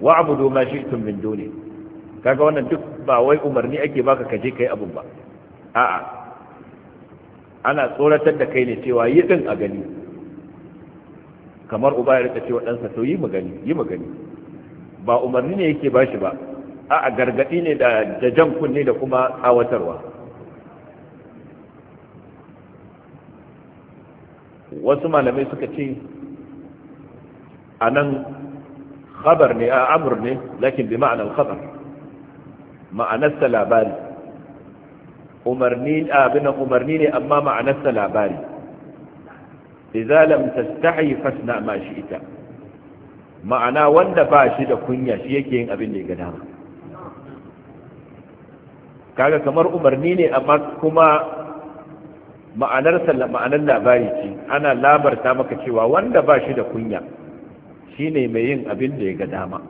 wa abudu ma shi'tum min duni kaga wannan duk ba wai umarni ake baka kaje kai abun ba a'a ana tsoratar da kai ne cewa yi din a gani kamar uba ya rika cewa ɗansa to yi magani yi magani ba umarni ne yake bashi ba a'a gargadi ne da da jan kunne da kuma tsawatarwa wasu malamai suka ce a nan khabar ne a amur ne lakin bi ma'anar khabar ma'anarsa labari umarni ne amma ma'anarsa labari idza lam tastahi fasna ma shi'ta ma'ana wanda ba shi da kunya shi yake yin abin da ya ga dama kaga kamar umarni ne amma kuma ma'anar labari ce ana labarta maka cewa wanda ba shi da kunya Shi ne mai yin abin da ya ga dama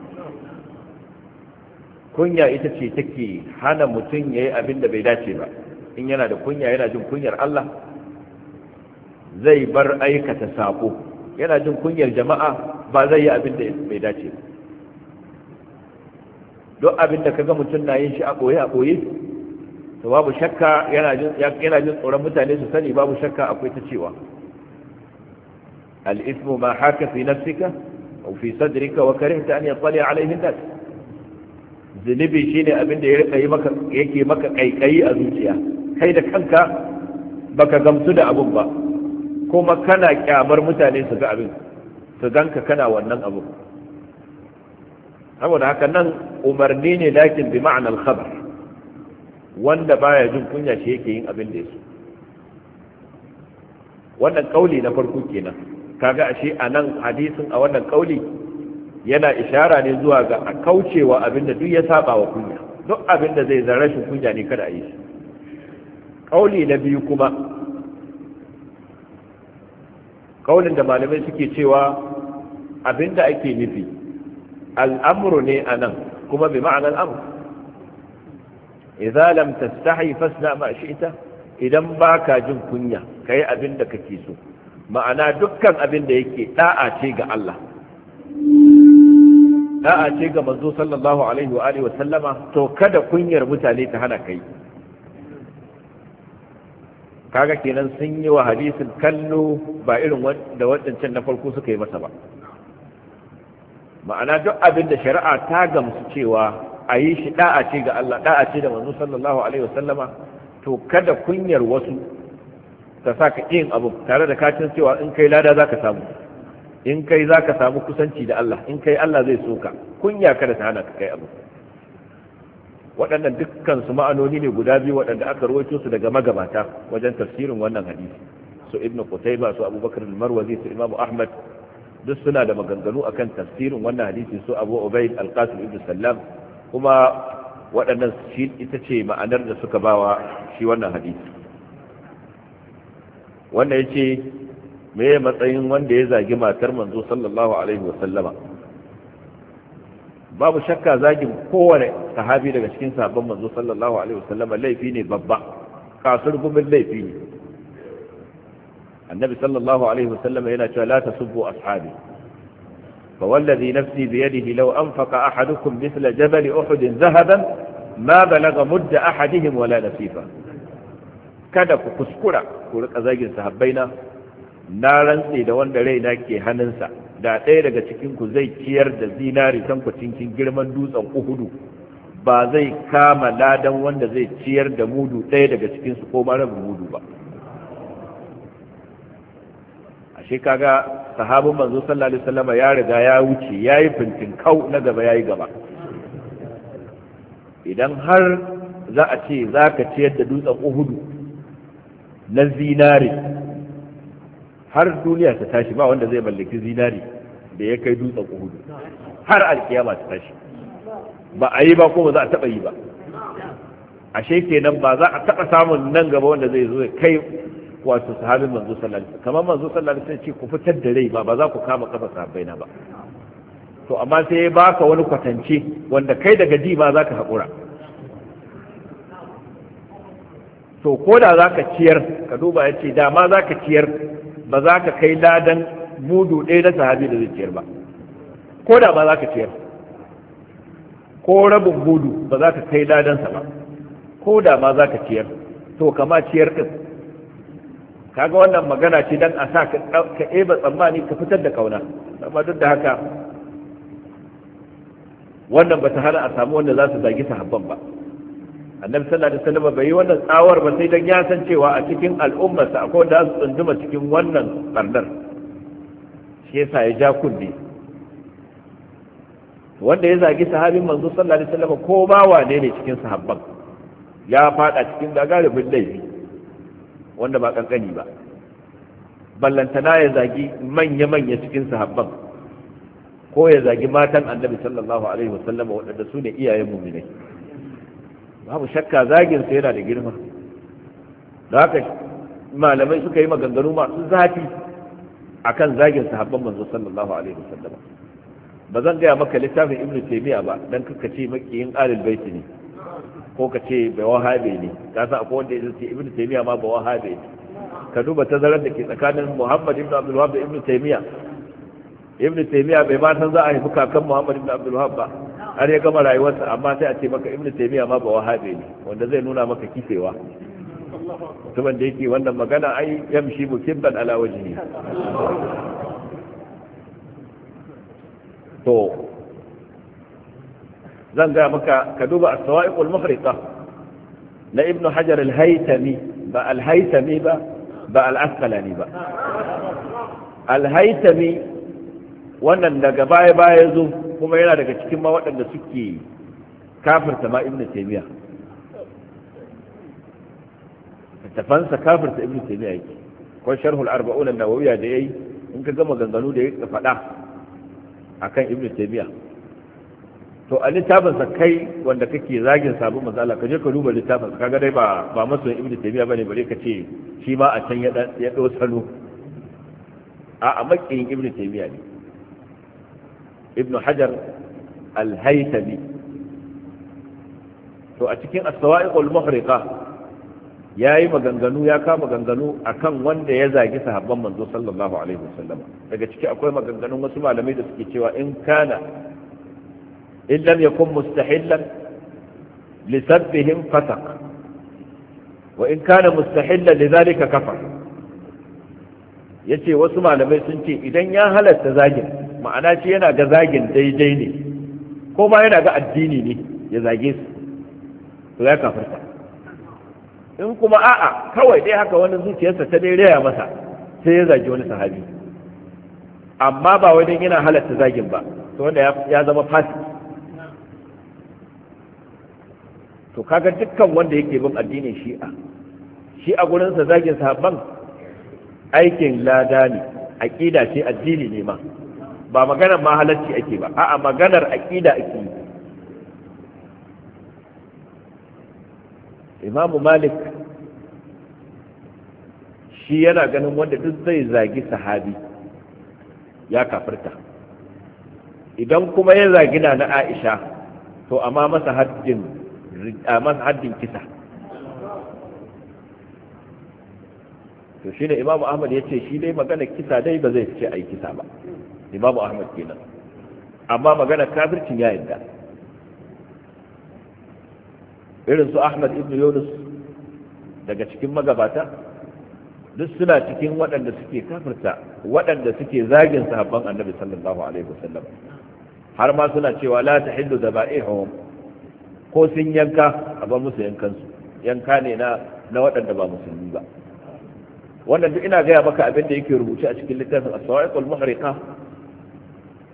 kunya ita ce take hana mutum ya yi abin da bai dace ba in yana da kunya yana jin kunyar Allah zai bar aikata sako yana jin kunyar jama'a ba zai yi abin da bai dace ba duk abin da kaga mutum na yin shi a ɓoye a ɓoye to babu shakka yana jin tsoron mutane su sani babu shakka akwai ta cewa al-ismu ma haka fi nafsika aw fi sadrika wa karihta an yattali alayhi an-nas zunubi abin da maka yake maka kaikayi a zuciya kai da kanka baka gamsu da abin ba kuma kana kyamar mutane su abin su kana wannan abin saboda haka nan umarni ne dakin bi ma'anar khabar wanda baya jin kunya shi yake yin abin da ya yi. wannan kauli na farko kenan kaga ashe a nan hadisin a wannan kauli yana ishara ne zuwa ga a kaucewa abinda duk ya saba wa kunya duk abinda zai zan rashin kunya ne kada a yi shi kauli na biyu kuma kaulin da malamai suke cewa abinda ake nufi al'amru ne a nan kuma bi ma'anar al'amru idza lam tastahi fasna ma shi'ta idan baka jin kunya kai abinda kake so ma'ana dukkan abin da yake da'a ce ga Allah da'a ce ga manzo sallallahu alaihi wa alihi wa sallama to kada kunyar mutane ta hana kai kaga kenan sun yi wa hadisin kallo ba irin da waɗancan na farko suka yi masa ba ma'ana duk abin da shari'a ta gamsu cewa a yi shi da'a ce ga Allah da'a ce da manzo sallallahu alaihi wa sallama to kada kunyar wasu ta sa ka yin abu tare da kacin cewa in kai lada za ka samu in kai za ka samu kusanci da Allah in kai Allah zai so ka kunya kada ta hana ka kai abu waɗannan dukkan su ma'anoni ne guda biyu waɗanda aka rawaito su daga magabata wajen tafsirin wannan hadisi su ibnu qutayba su abubakar al-marwazi su imam ahmad duk suna da maganganu akan tafsirin wannan hadisi su abu ubayd al-qasim ibn sallam kuma waɗannan shi ita ce ma'anar da suka bawa shi wannan hadisi wanda ya ce me matsayin wanda ya zagi matar manzo sallallahu alaihi wasallama babu shakka zagin kowane sahabi daga cikin sahabban manzo sallallahu alaihi wasallama laifi ne babba kasar gumin laifi ne annabi sallallahu alaihi wasallama yana cewa la tasubbu ashabi fa wallazi nafsi bi yadihi law anfaqa ahadukum mithla jabal uhud dhahaban ma balagha mudda ahadihim wala nasifa kada ku kuskura ku rika zagin sahabbaina na rantse da wanda raina ke hannunsa da ɗaya daga cikin zai ciyar da zinari san ku cikin girman dutsen uhudu ba zai kama ladan wanda zai ciyar da mudu ɗaya daga cikin su ko mara mudu ba ashe kaga sahabin manzo sallallahu alaihi wasallama ya riga ya wuce yayi fintin kau na gaba yayi gaba idan har za a ce za ka ciyar da dutsen uhudu na zinari har duniya ta tashi ba wanda zai mallaki zinari da ya kai dutsen uhudu har alkiyama ta tashi ba a yi ba ko ba za a taba yi ba ashe kenan ba za a taba samun nan gaba wanda zai zo kai wato sahabin manzo sallallahu alaihi kamar manzo sallallahu alaihi ce ku fitar da rai ba ba za ku kama kafa sahabbai ba to amma sai ya baka wani kwatance wanda kai daga ji ba za ka haƙura to ko da za ka ciyar ka duba ya ce dama za ka ciyar ba za ka kai ladan mudu ɗaya na sahabi da zai ciyar ba ko da ba za ka ciyar ko rabin mudu ba za ka kai ladansa ba ko da ma za ka ciyar to kama ciyar ɗin kaga wannan magana ce don a sa ka eba tsammani ka fitar da kauna amma duk da haka wannan ba ta hana a samu wanda za su zagi sahabban ba annabi sallallahu alaihi wasallam bai yi wannan tsawar ba sai dan ya san cewa a cikin al'ummarsa akwai wanda su tsunduma cikin wannan bardar shi yasa ya ja kunne wanda ya zagi sahabin manzo sallallahu alaihi wasallam ko ba wane ne cikin sahabban ya fada cikin gagarumin laifi wanda ba kankani ba ballantana ya zagi manya-manya cikin sahabban ko ya zagi matan annabi sallallahu alaihi wasallam waɗanda su ne iyayen muminai babu shakka zaginsa yana da girma da haka malamai suka yi maganganu masu zafi akan zagin sahabban manzo sallallahu alaihi wasallam ba zan gaya maka littafin ibnu taymiya ba dan kaka ce makiyin alil baiti ne ko ka ce bai wahabi ne ka san akwai wanda yake ce ibnu taymiya ma ba wahabi ne ka duba tazarar da ke tsakanin muhammad ibnu abdul wahab da ibnu taymiya ibnu taymiya bai ma san za a yi bukakan muhammad ibnu abdul wahab ba har ya gama rayuwarsa amma sai a ce maka ibnu taymiya ma ba wahabe ne wanda zai nuna maka kifewa mutumin da yake wannan magana ai yamshi mukibban ala wajhi to zan ga maka ka duba as-sawa'iq al-mukhriqa na ibnu hajar al-haytami ba al-haytami ba ba al-asqalani ba al-haytami wannan daga baya baya zo kuma yana daga cikin ma waɗanda suke kafirta ma ibn taymiya tafansa kafirta ibn taymiya yake ko sharhul arba'un an-nawawiyya da yayi in ka gama ganganu da yake faɗa akan ibn taymiya to a littafin sa kai wanda kake zagin sabon matsala ka je ka duba littafin sa kaga dai ba ba masu ibn taymiya bane bare ka ce shi ma a can ya ya salo a a makin ibn taymiya ne ibn hajar al-haytami to a cikin as-sawa'iqul ya yi maganganu ya kama a kan wanda ya zagi sahabban manzo sallallahu alaihi wasallam daga ciki akwai maganganun wasu malamai da suke cewa in kana in lam yakun mustahillan li sabbihim fasaq wa in kana mustahillan lidhalika kafar yace wasu malamai sun ce idan ya halatta zagin ma'ana shi yana ga zagin daidai ne ko ma yana ga addini ne ya zage su to ya kafirta in kuma a'a kawai dai haka wani zuciyarsa ta dai raya masa sai ya zagi wani sahabi amma ba wani yana halatta zagin ba to wanda ya zama fasik to kaga dukkan wanda yake bin addinin shi'a shi a gurinsa zagin sahabban aikin lada ne aƙida ce addini ne ma ba maganar mahalarci ake ba a'a maganar aƙida ake yi imamu malik shi yana ganin wanda duk zai zagi sahabi ya kafirta idan kuma ya zagi na na aisha to amma masa haddin kisa to shi ne imamu ahmad ya ce shi dai maganar kisa dai ba zai ce a yi kisa ba imamu ahmad kenan amma magana kafircin ya yadda irin su ahmad ibn yunus daga cikin magabata duk suna cikin waɗanda suke kafirta waɗanda suke zagin sahabban annabi sallallahu alaihi wasallam har ma suna cewa la tahillu daba'ihum ko sun yanka a bar musu yankansu yanka ne na na waɗanda ba musulmi ba wannan duk ina gaya maka abin da yake rubuce a cikin littafin as sawaiqul muhriqa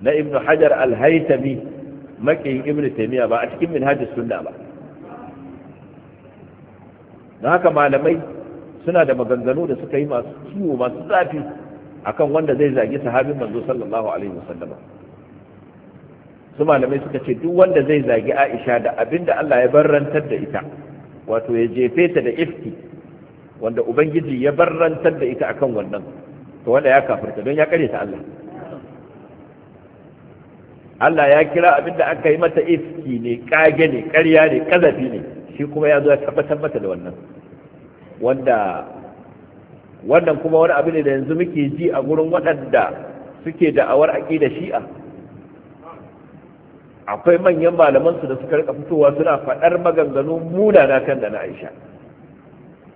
na Ibn hajar al-haytami makin ibnu taimiyya ba a cikin minhajus sunna ba Na haka malamai suna da maganganu da suka yi masu ciwo masu zafi akan wanda zai zagi sahabin manzo sallallahu alaihi wasallam su malamai suka ce duk wanda zai zagi Aisha da abinda Allah ya barrantar da ita wato ya jefe ta da ifki wanda ubangiji ya barrantar da ita akan wannan to wanda ya kafirta don ya kare ta Allah Allah ya kira abin da aka yi mata ifki ne kage ne ƙarya ne ƙazafi ne shi kuma ya zo ya tabbatar mata da wannan wanda wannan kuma wani abu ne da yanzu muke ji a gurin waɗanda suke da'awar aƙida shi'a akwai manyan malaman su da suka rika fitowa suna faɗar maganganu munana kan da na Aisha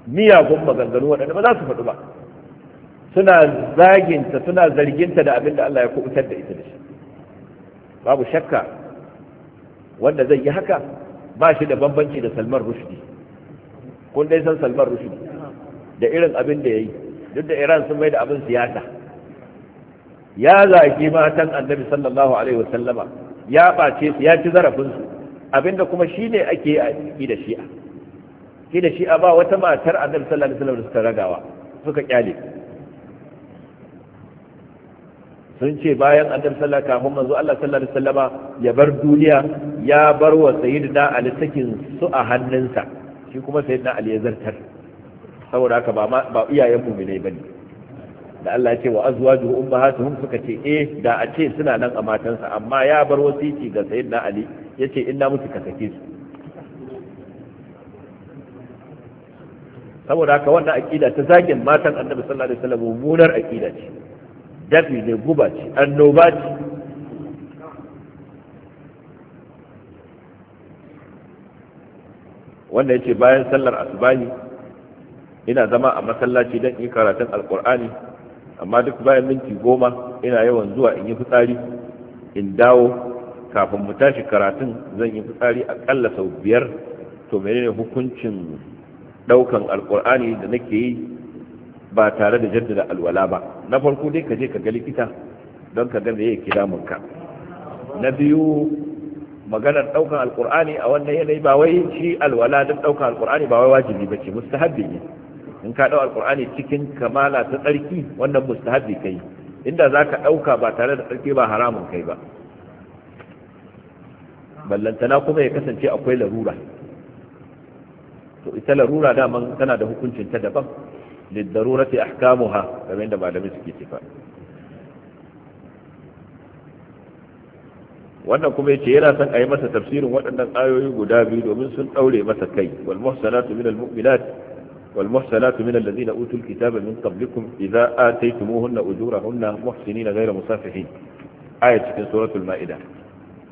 miyagun maganganu waɗanda ba za su faɗu ba suna zaginta suna zarginta da abin da Allah ya kubutar da ita da shi babu shakka wanda zai yi haka ba shi da bambanci da salman rushdi kun dai san salman rushdi da irin abin da ya yi duk da iran sun mai da abin siyasa ya zaki matan annabi sallallahu alaihi wasallama ya ɓace su ya ci zarafinsu abinda kuma shi ne ake yi a yi da shi'a shi da shi'a ba wata matar annabi sallallahu alaihi wasallam da suka ragawa suka kyale sun ce bayan annabi sallallahu alaihi kafin manzo Allah sallallahu alaihi wasallama ya bar duniya ya bar wa sayyidina Ali sakin su a hannunsa shi kuma sayyidina Ali ya zartar saboda haka ba ba iyayen mu'minai bane da Allah ya ce wa azwajuhu ummahatuhum suka ce eh da a ce suna nan a matansa amma ya bar wasiki ga sayyidina Ali yace inna muti ka sake su saboda haka wannan aqida ta zagin matan annabi sallallahu alaihi wasallam munar aqida ce dafi ne guba ce annoba ce wanda ya ce bayan sallar asubahi ina zama a masallaci don in karatun alkur'ani amma duk bayan minti goma ina yawan zuwa in yi fitsari in dawo kafin mu tashi karatun zan yi fitsari akalla sau biyar to menene hukuncin daukan alkur'ani da nake yi ba tare da jaddada alwala ba na farko dai ka je ka ga likita don ka ga me yake damunka na biyu maganar daukan alqur'ani a wannan yanayi ba wai shi alwala don daukan alkur'ani ba wai wajibi bace mustahabbi ne in ka dau alqur'ani cikin kamala ta tsarki wannan mustahabbi kai inda zaka dauka ba tare da tsarki ba haramun kai ba ballantana kuma ya kasance akwai larura to ita larura daman tana da hukuncin ta daban للضرورة أحكامها كما عندما لم يسكي تفا wannan kuma yace yana son a yi masa tafsirin waɗannan ayoyi guda biyu domin sun ɗaure masa kai wal muhsanatu min al mu'minat wal muhsanatu min allazina utul kitaba min qablikum idza ataytumuhunna ujurahunna muhsinina ghayra musafihin aya cikin suratul ma'ida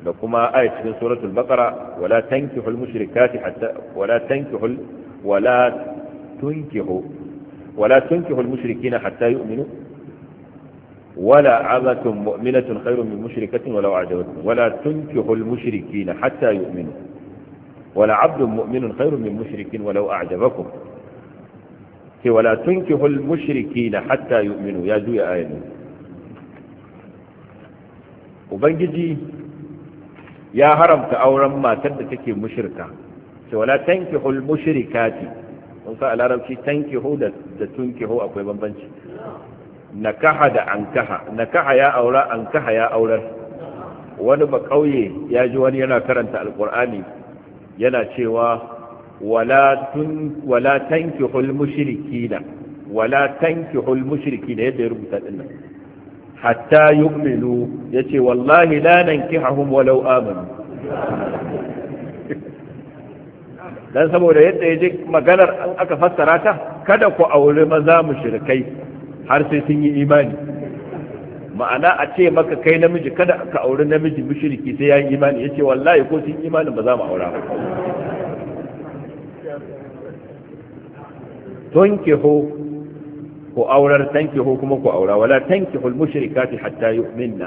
da kuma aya cikin suratul baqara wala tankihul mushrikati hatta wala tankihul wala tunkihu ولا تنكحوا المشركين حتى يؤمنوا ولا عبة مؤمنة خير من مشركة ولو أعجبتكم ولا تنكحوا المشركين حتى يؤمنوا ولا عبد مؤمن خير من مشرك ولو أعجبكم ولا تنكحوا المشركين حتى يؤمنوا يا جوي آية وبنجي يا هرم تأورم ما تد مشركة ولا تنكحوا المشركات kun sa a larabci tankiho da tunkiho akwai bambanci nakaha da ankaha nakaha ya aura ankaha ya aurar wani ba kauye ya ji wani yana karanta alkur'ani yana cewa wala tun wala tankihul mushrikina wala tankihul na yadda ya rubuta din nan hatta yu'minu yace wallahi la nankihahum walau amanu dan saboda yadda ya je maganar an aka fassara ta kada ku aure maza mushrikai har sai sun yi imani ma'ana a ce maka kai namiji kada ka aure namiji mushriki sai ya yi imani yace wallahi ko sun imani ba za mu aura ba tankihu ku aurar tankihu kuma ku aura wala tankihu al-mushrikati hatta yu'minna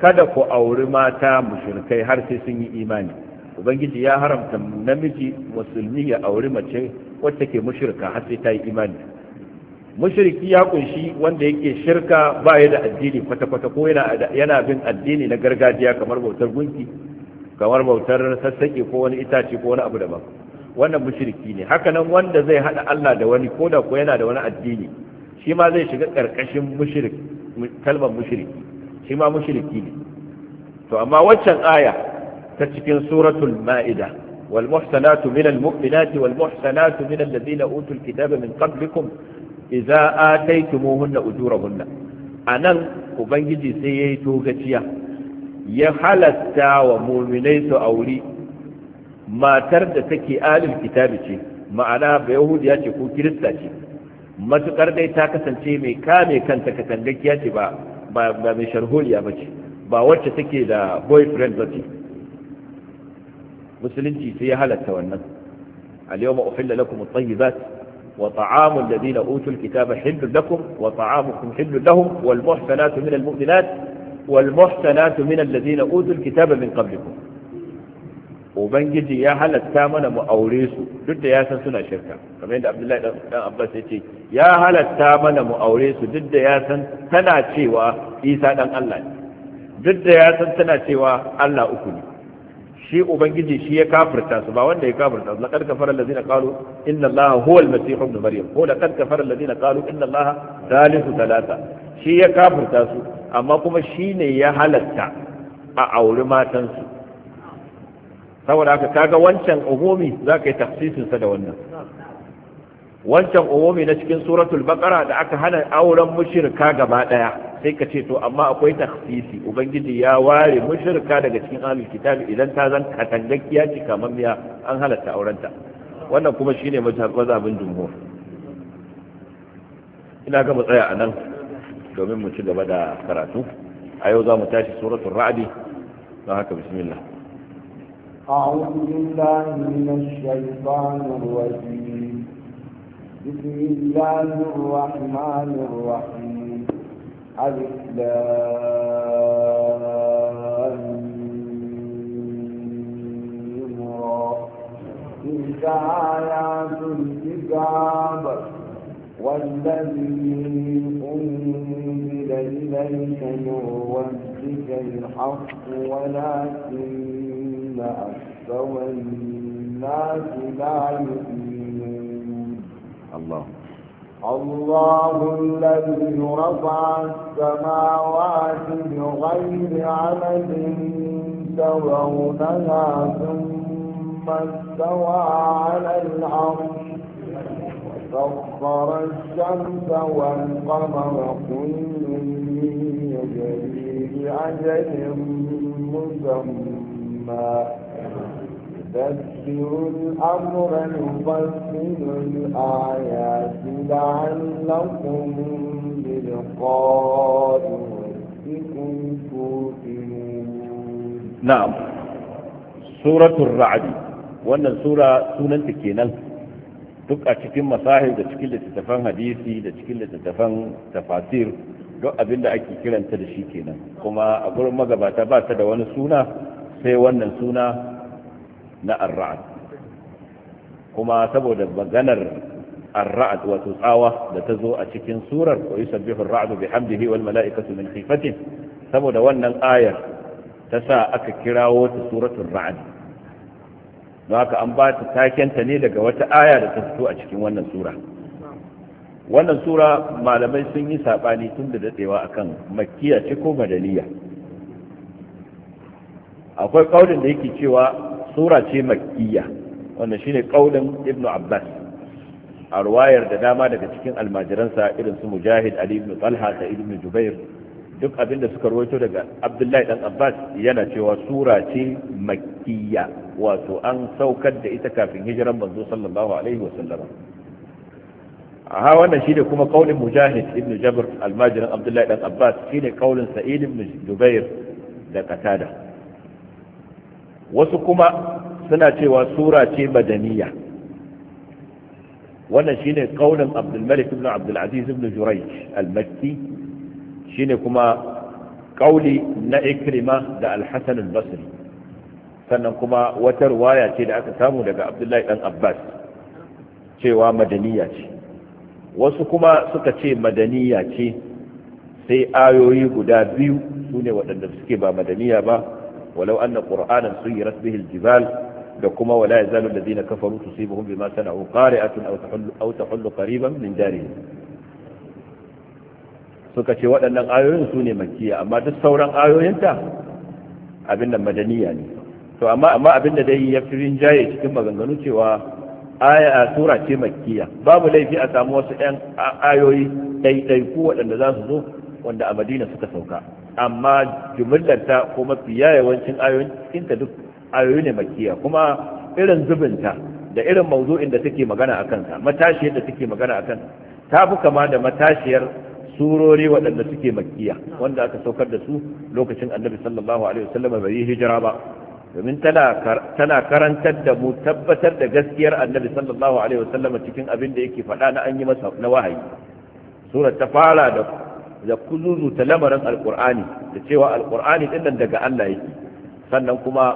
kada ku auri mata mushrikai har sai sun yi imani ubangiji ya haramta namiji musulmi ya auri mace wacce ke mushirka har sai ta yi imani Mushiriki ya kunshi wanda yake shirka ba ya da addini kwata-kwata ko yana bin addini na gargajiya kamar bautar gunki kamar bautar sassaƙe ko wani itace ko wani abu daban wannan mushiriki ne Haka nan wanda zai haɗa Allah da wani ko da ko yana da wani addini shi ma zai shiga ƙarƙashin mushirik kalmar mushiriki. shi ma mushiriki ne to amma waccan aya ta cikin suratul ma'ida wal muhsanatu minal mu'minati wal muhsanatu minal ladina utul kitaba min qablikum idza ataytumuhunna ujurahunna anan ubangiji sai ya yayi togaciya ya halatta wa mu'minai su auri matar da take alil kitabi ce ma'ana ba yahudiya ce ko kirista ce matukar dai ta kasance mai kame kanta katangakiya ce ba ba mai sharholiya ba ce ba wacce take da boyfriend ba musulunci sai ya halatta wannan al-yawma uhilla lakum at-tayyibat wa ta'amu alladhina utul kitaba hillun lakum wa ta'amukum hillun lahum wal muhsanatu minal mu'minat wal muhsanatu minal ladhina utul kitaba min qablikum ubangiji ya halatta mana mu aure su duk da ya suna shirka kamar yadda abdullahi dan abbas ya ce ya halatta mana mu aure su duk da ya tana cewa isa dan allah duk da tana cewa allah uku ne shi ubangiji shi ya kafirta su ba wanda ya kafirta su laqad kafara allazina qalu inna allaha huwa al-masih ibn maryam ko laqad kafara allazina qalu inna allaha thalithu thalatha shi ya kafirta su amma kuma shi ne ya halatta a auri matansu saboda haka kaga wancan umumi zaka yi tafsirin sa da wannan wancan umumi na cikin suratul baqara da aka hana auren mushrika gaba daya sai ka ce to amma akwai takhsisi ubangiji ya ware mushrika daga cikin ahlul kitabi idan ta zan katangakiya ce kamar miya an halatta aurenta wannan kuma shine mazhabin jumhur ina ga mu tsaya anan domin mu ci gaba da karatu a yau za mu tashi suratul ra'd don haka bismillah أعوذ بالله من الشيطان الرجيم بسم الله الرحمن الرحيم ألف تلك آيات الكتاب والذي أنزل إليك من ربك الحق ولكن أكثر الناس لا يؤمنون الله الله الذي رفع السماوات بغير عمد ترونها ثم استوى على العرش وسخر الشمس والقمر كل يجري لأجل مسمى ندبر الأمر نفصل الآيات لعلكم بلقاء ربكم توقنون نعم سورة الرعد wannan sura sunanta kenan duk a cikin masahir da cikin littattafan hadisi da cikin littattafan tafasir duk abinda ake kiranta da shi kenan kuma a gurin magabata ba ta da wani suna sai wannan suna na arra'ad kuma saboda maganar arra'ad wato tsawa da ta zo a cikin surar wa yusabbihu ar-ra'du bihamdihi wal mala'ikatu min khifatihi saboda wannan ayar ta sa aka kirawo ta suratul ra'ad don haka an ba ta takenta ne daga wata aya da ta fito a cikin wannan sura wannan sura malamai sun yi saɓani tun da dadewa akan makkiya ce ko madaniya akwai ƙaunin da yake cewa sura ce makkiya wannan shine kaulin ibn abbas a ruwayar da dama daga cikin almajiransa irin su mujahid ali ibn talha da ibn jubair duk abinda suka rawaito daga abdullahi dan abbas yana cewa sura ce makkiya wato an saukar da ita kafin hijiran manzo sallallahu alaihi wa sallam wannan shine kuma kaulin mujahid ibn jabr almajirin abdullahi dan abbas shine kaulin sa'id ibn jubair da qatada wasu kuma suna cewa sura ce madaniya wannan shine kaulin abdulmalik ibn abdulaziz ibn jurayj al-makki shine kuma kauli na ikrima da al-hasan al-basri sannan kuma wata ruwaya ce da aka samu daga abdullahi dan abbas cewa madaniya ce wasu kuma suka ce madaniya ce sai ayoyi guda biyu su ne waɗanda suke ba madaniya ba walau anna qur'anan suyirat bihi aljibal da kuma wala yazalu alladhina kafaru tusibuhum bima sana'u qari'atun aw tahullu aw tahullu qariban min darihim suka ce waɗannan ayoyin su ne makkiya amma duk sauran ayoyinta abin da madaniya ne to amma amma abin da dai ya fi rinjaye cikin maganganu cewa aya sura ce makkiya babu laifi a samu wasu ɗan ayoyi ɗaiɗaiku waɗanda za su zo wanda a madina suka sauka amma jumillarta ko mafi yawancin ayoyin cikinta duk ayoyi ne makiya kuma irin zubinta da irin mawzu'in da take magana a kansa matashiyar da take magana a kansa ta fi kama da matashiyar surori waɗanda suke makiya wanda aka saukar da su lokacin annabi sallallahu alaihi wasallam bai yi hijira ba domin tana karantar da mu tabbatar da gaskiyar annabi sallallahu alaihi wasallam cikin abin da yake faɗa na an yi masa na wahayi surar ta fara da da kuzuzu ta lamarin alkur'ani da cewa alkur'ani din nan daga Allah yake sannan kuma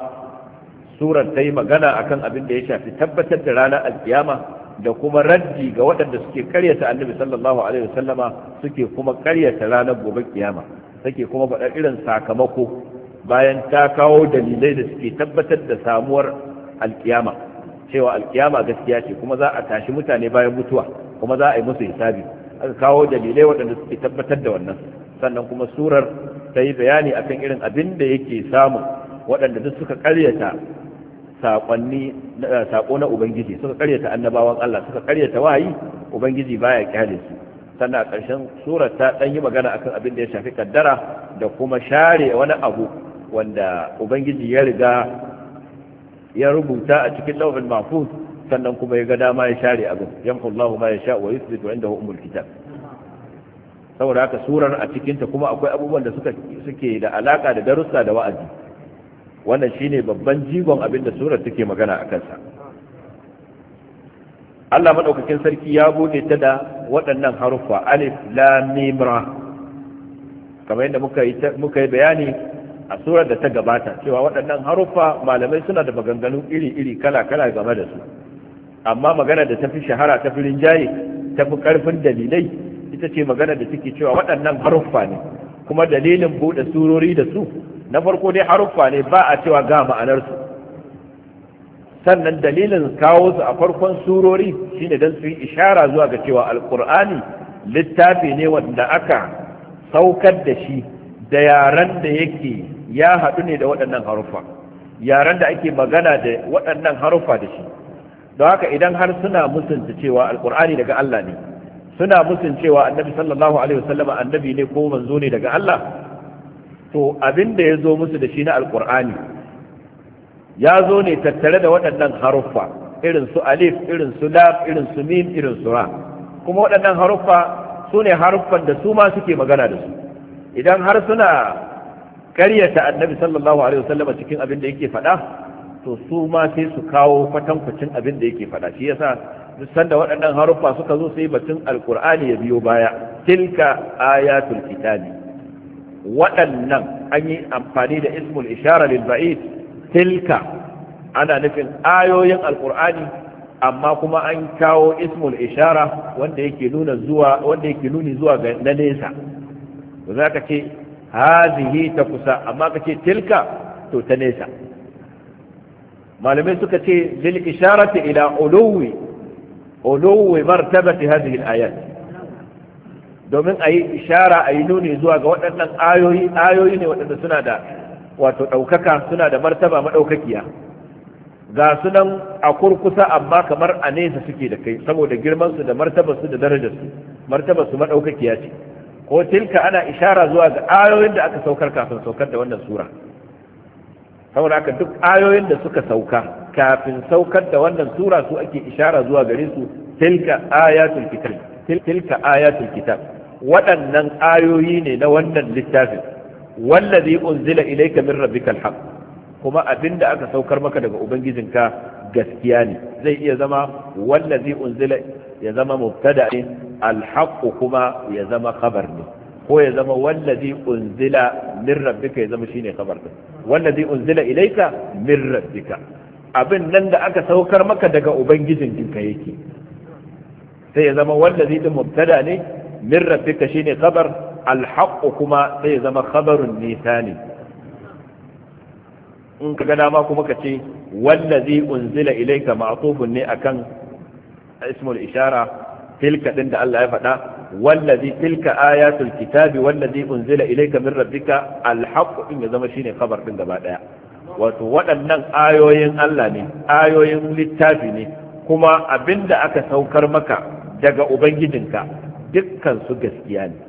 surar ta yi magana akan abin da ya shafi tabbatar da ranar alkiyama da kuma raddi ga waɗanda suke karyata annabi sallallahu alaihi wasallama suke kuma karyata ranar gobe kiyama take kuma faɗa irin sakamako bayan ta kawo dalilai da suke tabbatar da samuwar alkiyama cewa alkiyama gaskiya ce kuma za a tashi mutane bayan mutuwa kuma za a yi musu hisabi aka kawo dalilai waɗanda suke tabbatar da wannan sannan kuma surar ta yi bayani akan irin abin da yake samu waɗanda duk suka karyata eh, saƙo na ubangiji suka karyata annabawan Allah suka karyata wayi ubangiji baya kyale su sannan a ƙarshen surar ta ɗan yi magana akan abin da ya shafi kaddara da kuma share wani abu wanda ubangiji ya riga ya rubuta a cikin lauhin mahfuz sannan kuma ya ga dama ya share abin yamhu Allahu ma sha wa yuthbitu indahu umul kitab saboda haka surar a cikin ta kuma akwai abubuwan da suka suke da alaka da darussa da wa'azi wannan shine babban jigon abin da surar take magana a kansa Allah madaukakin sarki ya bude ta da waɗannan haruffa alif lam mim ra kamar yadda muka yi muka yi bayani a surar da ta gabata cewa waɗannan haruffa malamai suna da maganganu iri-iri kala-kala game da su amma magana da tafi shahara ta filin jaye tafi karfin dalilai ita ce magana da take cewa waɗannan haruffa ne kuma dalilin buɗe surori da su na farko dai haruffa ne ba a cewa ga ma'anarsu sannan dalilin kawo su a farkon surori shine don su yi ishara zuwa ga cewa alkur'ani littafi ne wanda aka saukar da shi da yaran da yake ya haɗu ne da waɗannan haruffa yaran da ake magana da waɗannan haruffa da shi don haka idan har suna musunta cewa alkur'ani daga Allah ne suna musun cewa annabi sallallahu alaihi wasallama annabi ne ko manzo ne daga Allah to abin da ya zo musu da shi na alkur'ani ya zo ne tattare da waɗannan haruffa irin su alif irin su lam irin su mim irin su ra kuma waɗannan haruffa su ne haruffan da su ma suke magana da su idan har suna ƙaryata annabi sallallahu alaihi wasallama cikin abin da yake faɗa to su ma sai su kawo kwatankwacin abin da yake faɗa shi yasa san da waɗannan haruffa suka zo sai batun alkur'ani ya biyo baya tilka ayatul kitabi waɗannan an yi amfani da ismul ishara lil ba'id tilka ana nufin ayoyin alkur'ani amma kuma an kawo ismul ishara wanda yake nuna zuwa wanda yake nuni zuwa ga na nesa za ka ce hazihi ta kusa amma ka ce tilka to ta nesa malamai suka ce bil isharati ila uluwi uluwi martabati hadhihi al-ayat domin ayi ishara ayi nuni zuwa ga waɗannan ayoyi ayoyi ne waɗanda suna da wato ɗaukaka suna da martaba madaukakiya ga sunan a kurkusa amma kamar a nesa suke da kai saboda girman su da martaba su da darajar su martaba su madaukakiya ce ko tilka ana ishara zuwa ga ayoyin da aka saukar kafin saukar da wannan sura saboda haka duk ayoyin da suka sauka kafin saukar da wannan sura su ake ishara zuwa gare su tilka ayatul kitab tilka ayatul kitab waɗannan ayoyi ne na wannan littafin wallazi unzila ilayka min rabbikal haqq kuma abinda aka saukar maka daga ubangijinka gaskiya ne zai iya zama wallazi unzila ya zama mubtada ne alhaƙu kuma ya zama khabar ne ko ya zama wallazi unzila min rabbika ya zama shine khabar din wallazi unzila ilayka min rabbika abin nan da aka saukar maka daga ubangijin dinka yake sai ya zama wallazi din mubtada ne min rabbika shine khabar alhaq kuma sai ya zama khabarun nisani in ka ga dama kuma ka ce wallazi unzila ilayka ma'tufun ne akan ismul ishara tilka din da Allah ya faɗa wallazi tilka ayatul kitabi wallazi unzila ilayka min rabbika alhaq in ya zama shine khabar din gaba daya wato waɗannan ayoyin Allah ne ayoyin littafi ne kuma abinda aka saukar maka daga ubangijinka dukkan su gaskiya ne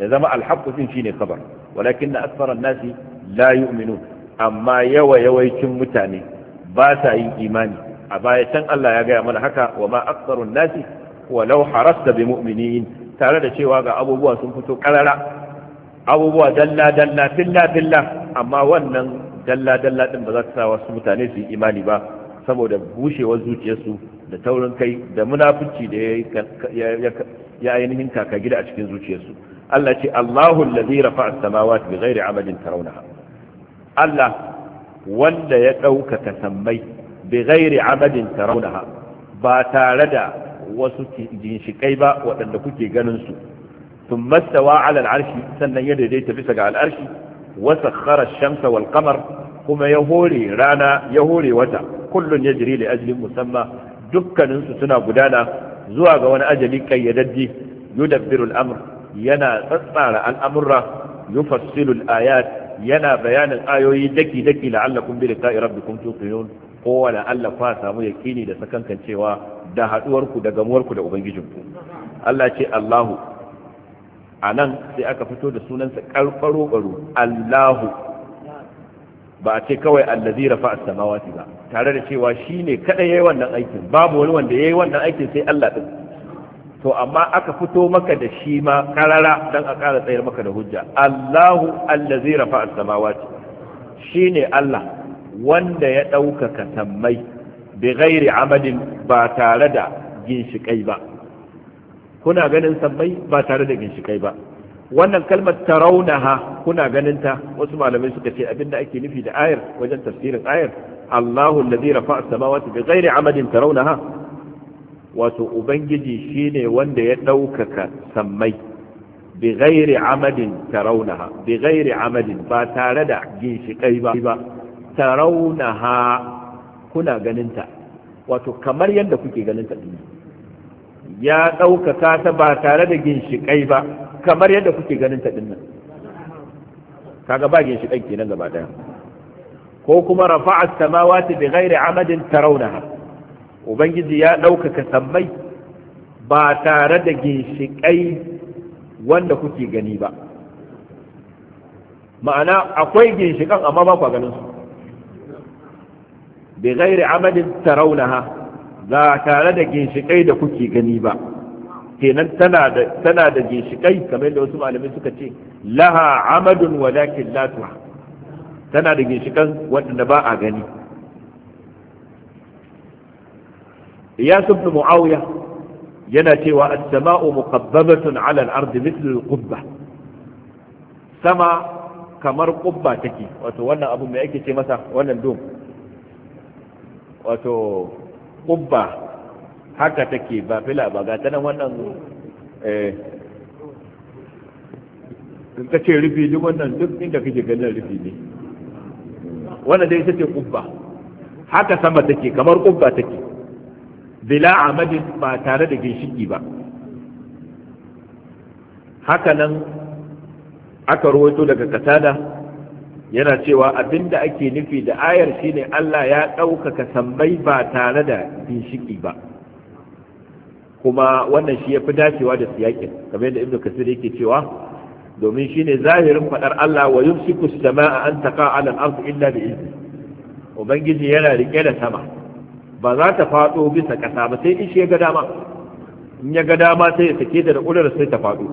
da zama alhaq din shine khabar walakin aktharan nasi la yu'minun amma yawa yawaicin mutane ba sa yin imani a baya can Allah ya gaya mana haka wa ma aktsarun nasi walau harasta bi mu'minin tare da cewa ga abubuwa sun fito karara abubuwa dalla dalla filla filla amma wannan dalla dalla din ba za ta sa wasu mutane su yi imani ba saboda bushewar zuciyarsu da taurin kai da munafunci da ya ainihin kaka gida a cikin zuciyarsu Allah ce Allahu allazi rafa'a as-samawati bighairi amalin tarawnaha Allah wanda ya ɗaukaka sammai bighairi amalin tarawnaha ba tare da wasu ginshikai ba waɗanda kuke ganin su sun mastawa ala al'arshi sannan ya daidaita bisa ga al'arshi wasa khara shamsa wal kuma ya hore rana ya hore wata kullun ya jiri da ajalin dukkanin su suna gudana zuwa ga wani ajali kayyadaddi yudabbirul al'amr yana tsatsara al'amurra yufassilu al'ayat yana bayanin ayoyi daki daki la'allakum bi liqa'i rabbikum tuqinun kowane Allah fa samu yakini da sakankan cewa da haduwarku da gamuwarku da ubangijinku Allah ce Allahu a nan sai aka fito da sunansa karfaro baro Allahu ba a ce kawai allazi rafa as-samawati ba tare da cewa shine ya yi wannan aikin babu wani wanda yi wannan aikin sai Allah din to amma aka fito maka da shi ma karara dan a ƙara tsayar maka da hujja Allahu allazi rafa as-samawati shine Allah wanda ya ɗaukaka sammai bi ghairi amadin ba tare da ginshiƙai ba kuna ganin sammai ba tare da ginshiƙai ba wannan kalmar tarawunaha kuna ganin ta wasu malamai suka ce abinda ake nufi da ayar wajen tafsirin ayar Allahu allazi rafa'a samawati bi ghairi amadin tarawunaha wato ubangiji shine wanda ya ɗaukaka sammai bi ghairi amadin tarawunaha bi ghairi amadin ba tare da ginshikai ba tarawunaha kuna ganinta wato kamar yadda kuke ganinta din ya ɗaukaka ta ba tare da ginshiƙai ba kamar yadda kuke ganinta dinnan nan kaga ba ginshikai kenan gaba ɗaya ko kuma rafa'a samawati bi ghairi amadin tarawunaha ubangiji ya ɗaukaka sammai ba tare da ginshiƙai wanda kuke gani ba ma'ana akwai ginshiƙan amma ba ku ganin su bi ghairi amadin tarawnaha ba tare da ginshiƙai da kuke gani ba kenan tana da ginshiƙai kamar da wasu malamai suka ce laha amadun walakin la tana da ginshiƙan waɗanda ba a gani Iyas ibn Muawiya yana cewa as-sama'u muqabbabatun 'ala al-ard mithlu al-qubba sama kamar kubba take wato wannan abu mai ake ce masa wannan dom wato kubba haka take ba fila ba ga ta wannan eh ka ce rufi duk wannan duk inda kake ganin rufi ne wannan dai ita ce kubba haka sama take kamar kubba take bila amadin ba tare da ginshiki ba haka nan aka rawaito daga katada yana cewa abinda ake nufi da ayar shine Allah ya ɗaukaka sambai ba tare da ginshiki ba kuma wannan shi ya fi dacewa da siyakin kamar yadda ibnu kasir yake cewa domin shine zahirin faɗar Allah wa yumsiku as-samaa an taqa'a ala al-ardi illa bi izni ubangiji yana rike da sama ba za ta faɗo bisa ƙasa ba sai in shi ya ga dama in ya ga dama sai ya sake da da sai ta faɗo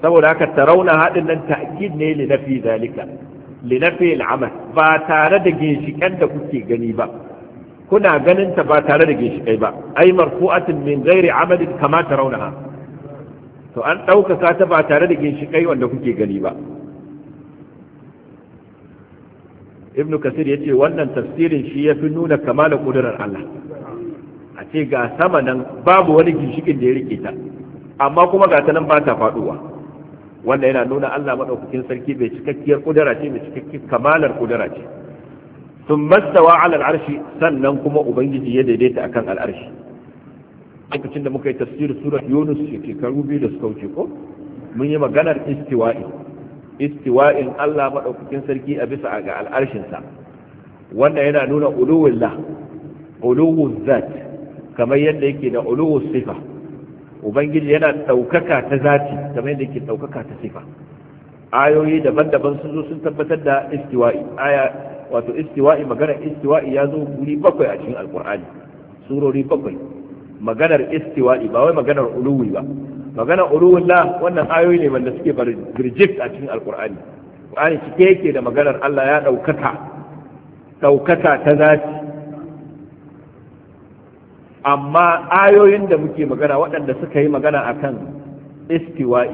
saboda haka tarauna haɗin nan ta'kid ne li nafi zalika linafi al'amal ba tare da ginshikan da kuke gani ba kuna ganin ta ba tare da ginshikai ba ai marfu'atin min ghairi amalin kama raunaha. to an ɗaukaka ta ba tare da ginshikai wanda kuke gani ba ibn kasir yace wannan tafsirin shi ya fi nuna kamalar kudurar Allah a ce ga sama nan babu wani ginshikin da ya rike ta amma kuma ga ta nan ba ta faduwa wanda yana nuna Allah madaukakin sarki mai cikakkiyar kudura ce mai cikakkiyar kamalar kudura ce sun mastawa alal arshi sannan kuma ubangiji ya daidaita akan al'arshi lokacin da muka yi tafsir surat yunus shekaru biyu da suka wuce ko mun yi maganar istiwa'i istiwa'in Allah maɗaukakin sarki a bisa ga al'arshinsa wannan yana nuna uluwillah uluwuz zat kamar yadda yake da uluwus sifa ubangiji yana ɗaukaka ta zati kamar yadda yake ɗaukaka ta sifa ayoyi daban-daban sun zo sun tabbatar da istiwa'i aya wato istiwa'i maganar istiwa'i ya zo guri bakwai a cikin alkur'ani surori bakwai maganar istiwa'i ba wai maganar uluwi ba maganar uluwin la wannan ayoyi ne wanda suke birjif a cikin alkur'ani qur'ani cike yake da maganar Allah ya ɗaukaka ɗaukaka ta zati amma ayoyin da muke magana waɗanda suka yi magana akan istiwa'i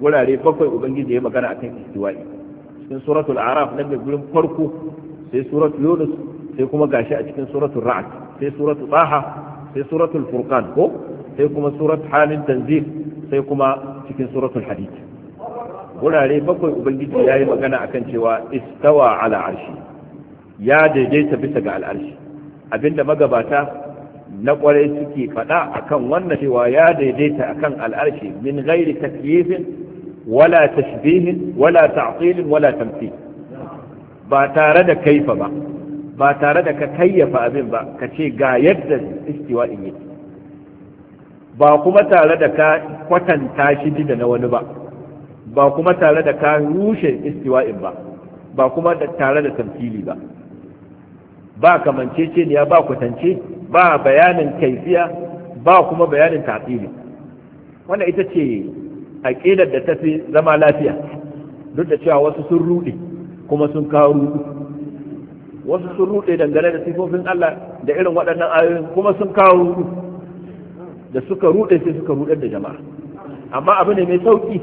wurare bakwai ubangiji ya magana akan istiwa'i cikin suratul araf na da gurin farko sai suratul yunus sai kuma gashi a cikin suratul ra'd sai suratul taha sai suratul furqan ko sai kuma surat halin tanzil sai kuma cikin suratul hadid wurare bakwai ubangiji ya yi magana akan cewa istawa ala arshi ya daidaita bisa ga al'arshi abinda magabata na kwarai suke faɗa akan wannan cewa ya daidaita akan al'arshi min ghairi takyifin wala tashbihin wala ta'tilin wala tamthil ba tare da kaifa ba ba tare da ka kayyafa abin ba ka ce ga yadda istiwa in yi. ba kuma tare da ka kwatanta shi da na wani ba ba kuma tare da ka rushe in ba ba kuma tare da tamthili ba ba kamanceceniya ba kwatance ba bayanin kaifiya ba kuma bayanin tatsiri wannan ita ce aƙidar da ta fi zama lafiya duk da cewa wasu sun ruɗe kuma sun kawo ruɗu wasu sun ruɗe dangane da sifofin Allah da irin waɗannan ayoyin kuma sun kawo ruɗu da suka ruɗe sai suka ruɗar da jama'a amma abu ne mai sauƙi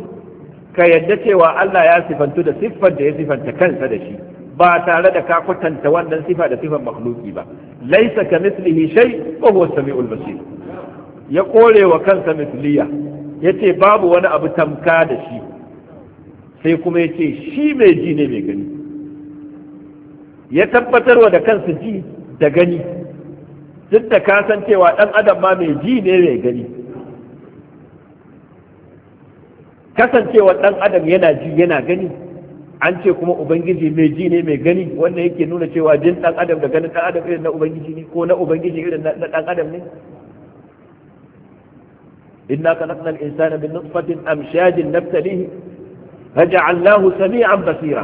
ka yadda cewa Allah ya sifantu da siffar da ya sifanta kansa da shi ba tare da ka kwatanta wannan sifa da sifan makhluki ba laisa ka mislihi shay wa huwa samiul basir ya kore wa kansa misliya yace babu wani abu tamka da shi sai kuma yace shi mai ji ne mai gani ya tabbatarwa da kansa ji da gani duk da ka san cewa dan adam ma mai ji ne mai gani kasancewa dan adam yana ji yana gani an ce kuma ubangiji mai ji ne mai gani wanda yake nuna cewa jin dan adam da ganin dan adam irin na ubangiji ne ko na ubangiji irin na dan adam ne inna khalaqna al-insana min nutfatin amshajin nabtalihi faj'alnahu sami'an basira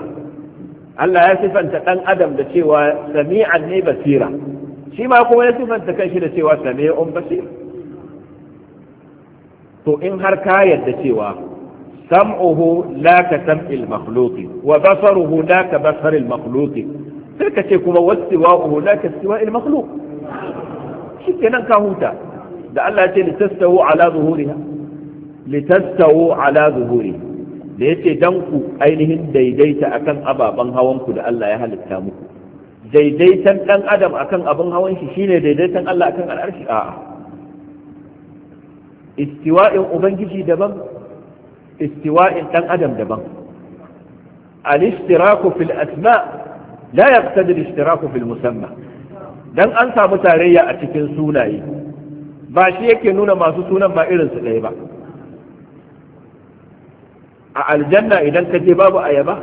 Allah ya sifanta dan adam da cewa sami'an ne basira shi ma kuma ya sifanta kanshi da cewa sami'un basira. to in har ka yarda cewa sam'uhu la ka sam'il makhluqi wa basaruhu la ka basaril makhluqi sai ka ce kuma wastiwa'uhu la ka istiwa'il makhluq shikenan ka huta da Allah ya ce litastawu ala zuhuriha litastawu ala zuhuriha da ya ce dan ku ainihin daidaita akan ababen hawanku da Allah ya halitta muku daidaitan dan adam akan abin hawan shi shine daidaitan Allah akan istiwa'in ubangiji daban istiwa'in dan adam daban al-ishtiraku fil asma la yaqtadi al-ishtiraku fil musamma dan an samu tarayya a cikin sunaye ba shi yake nuna masu sunan ba irin su ɗaya ba a aljanna idan ka je babu ayaba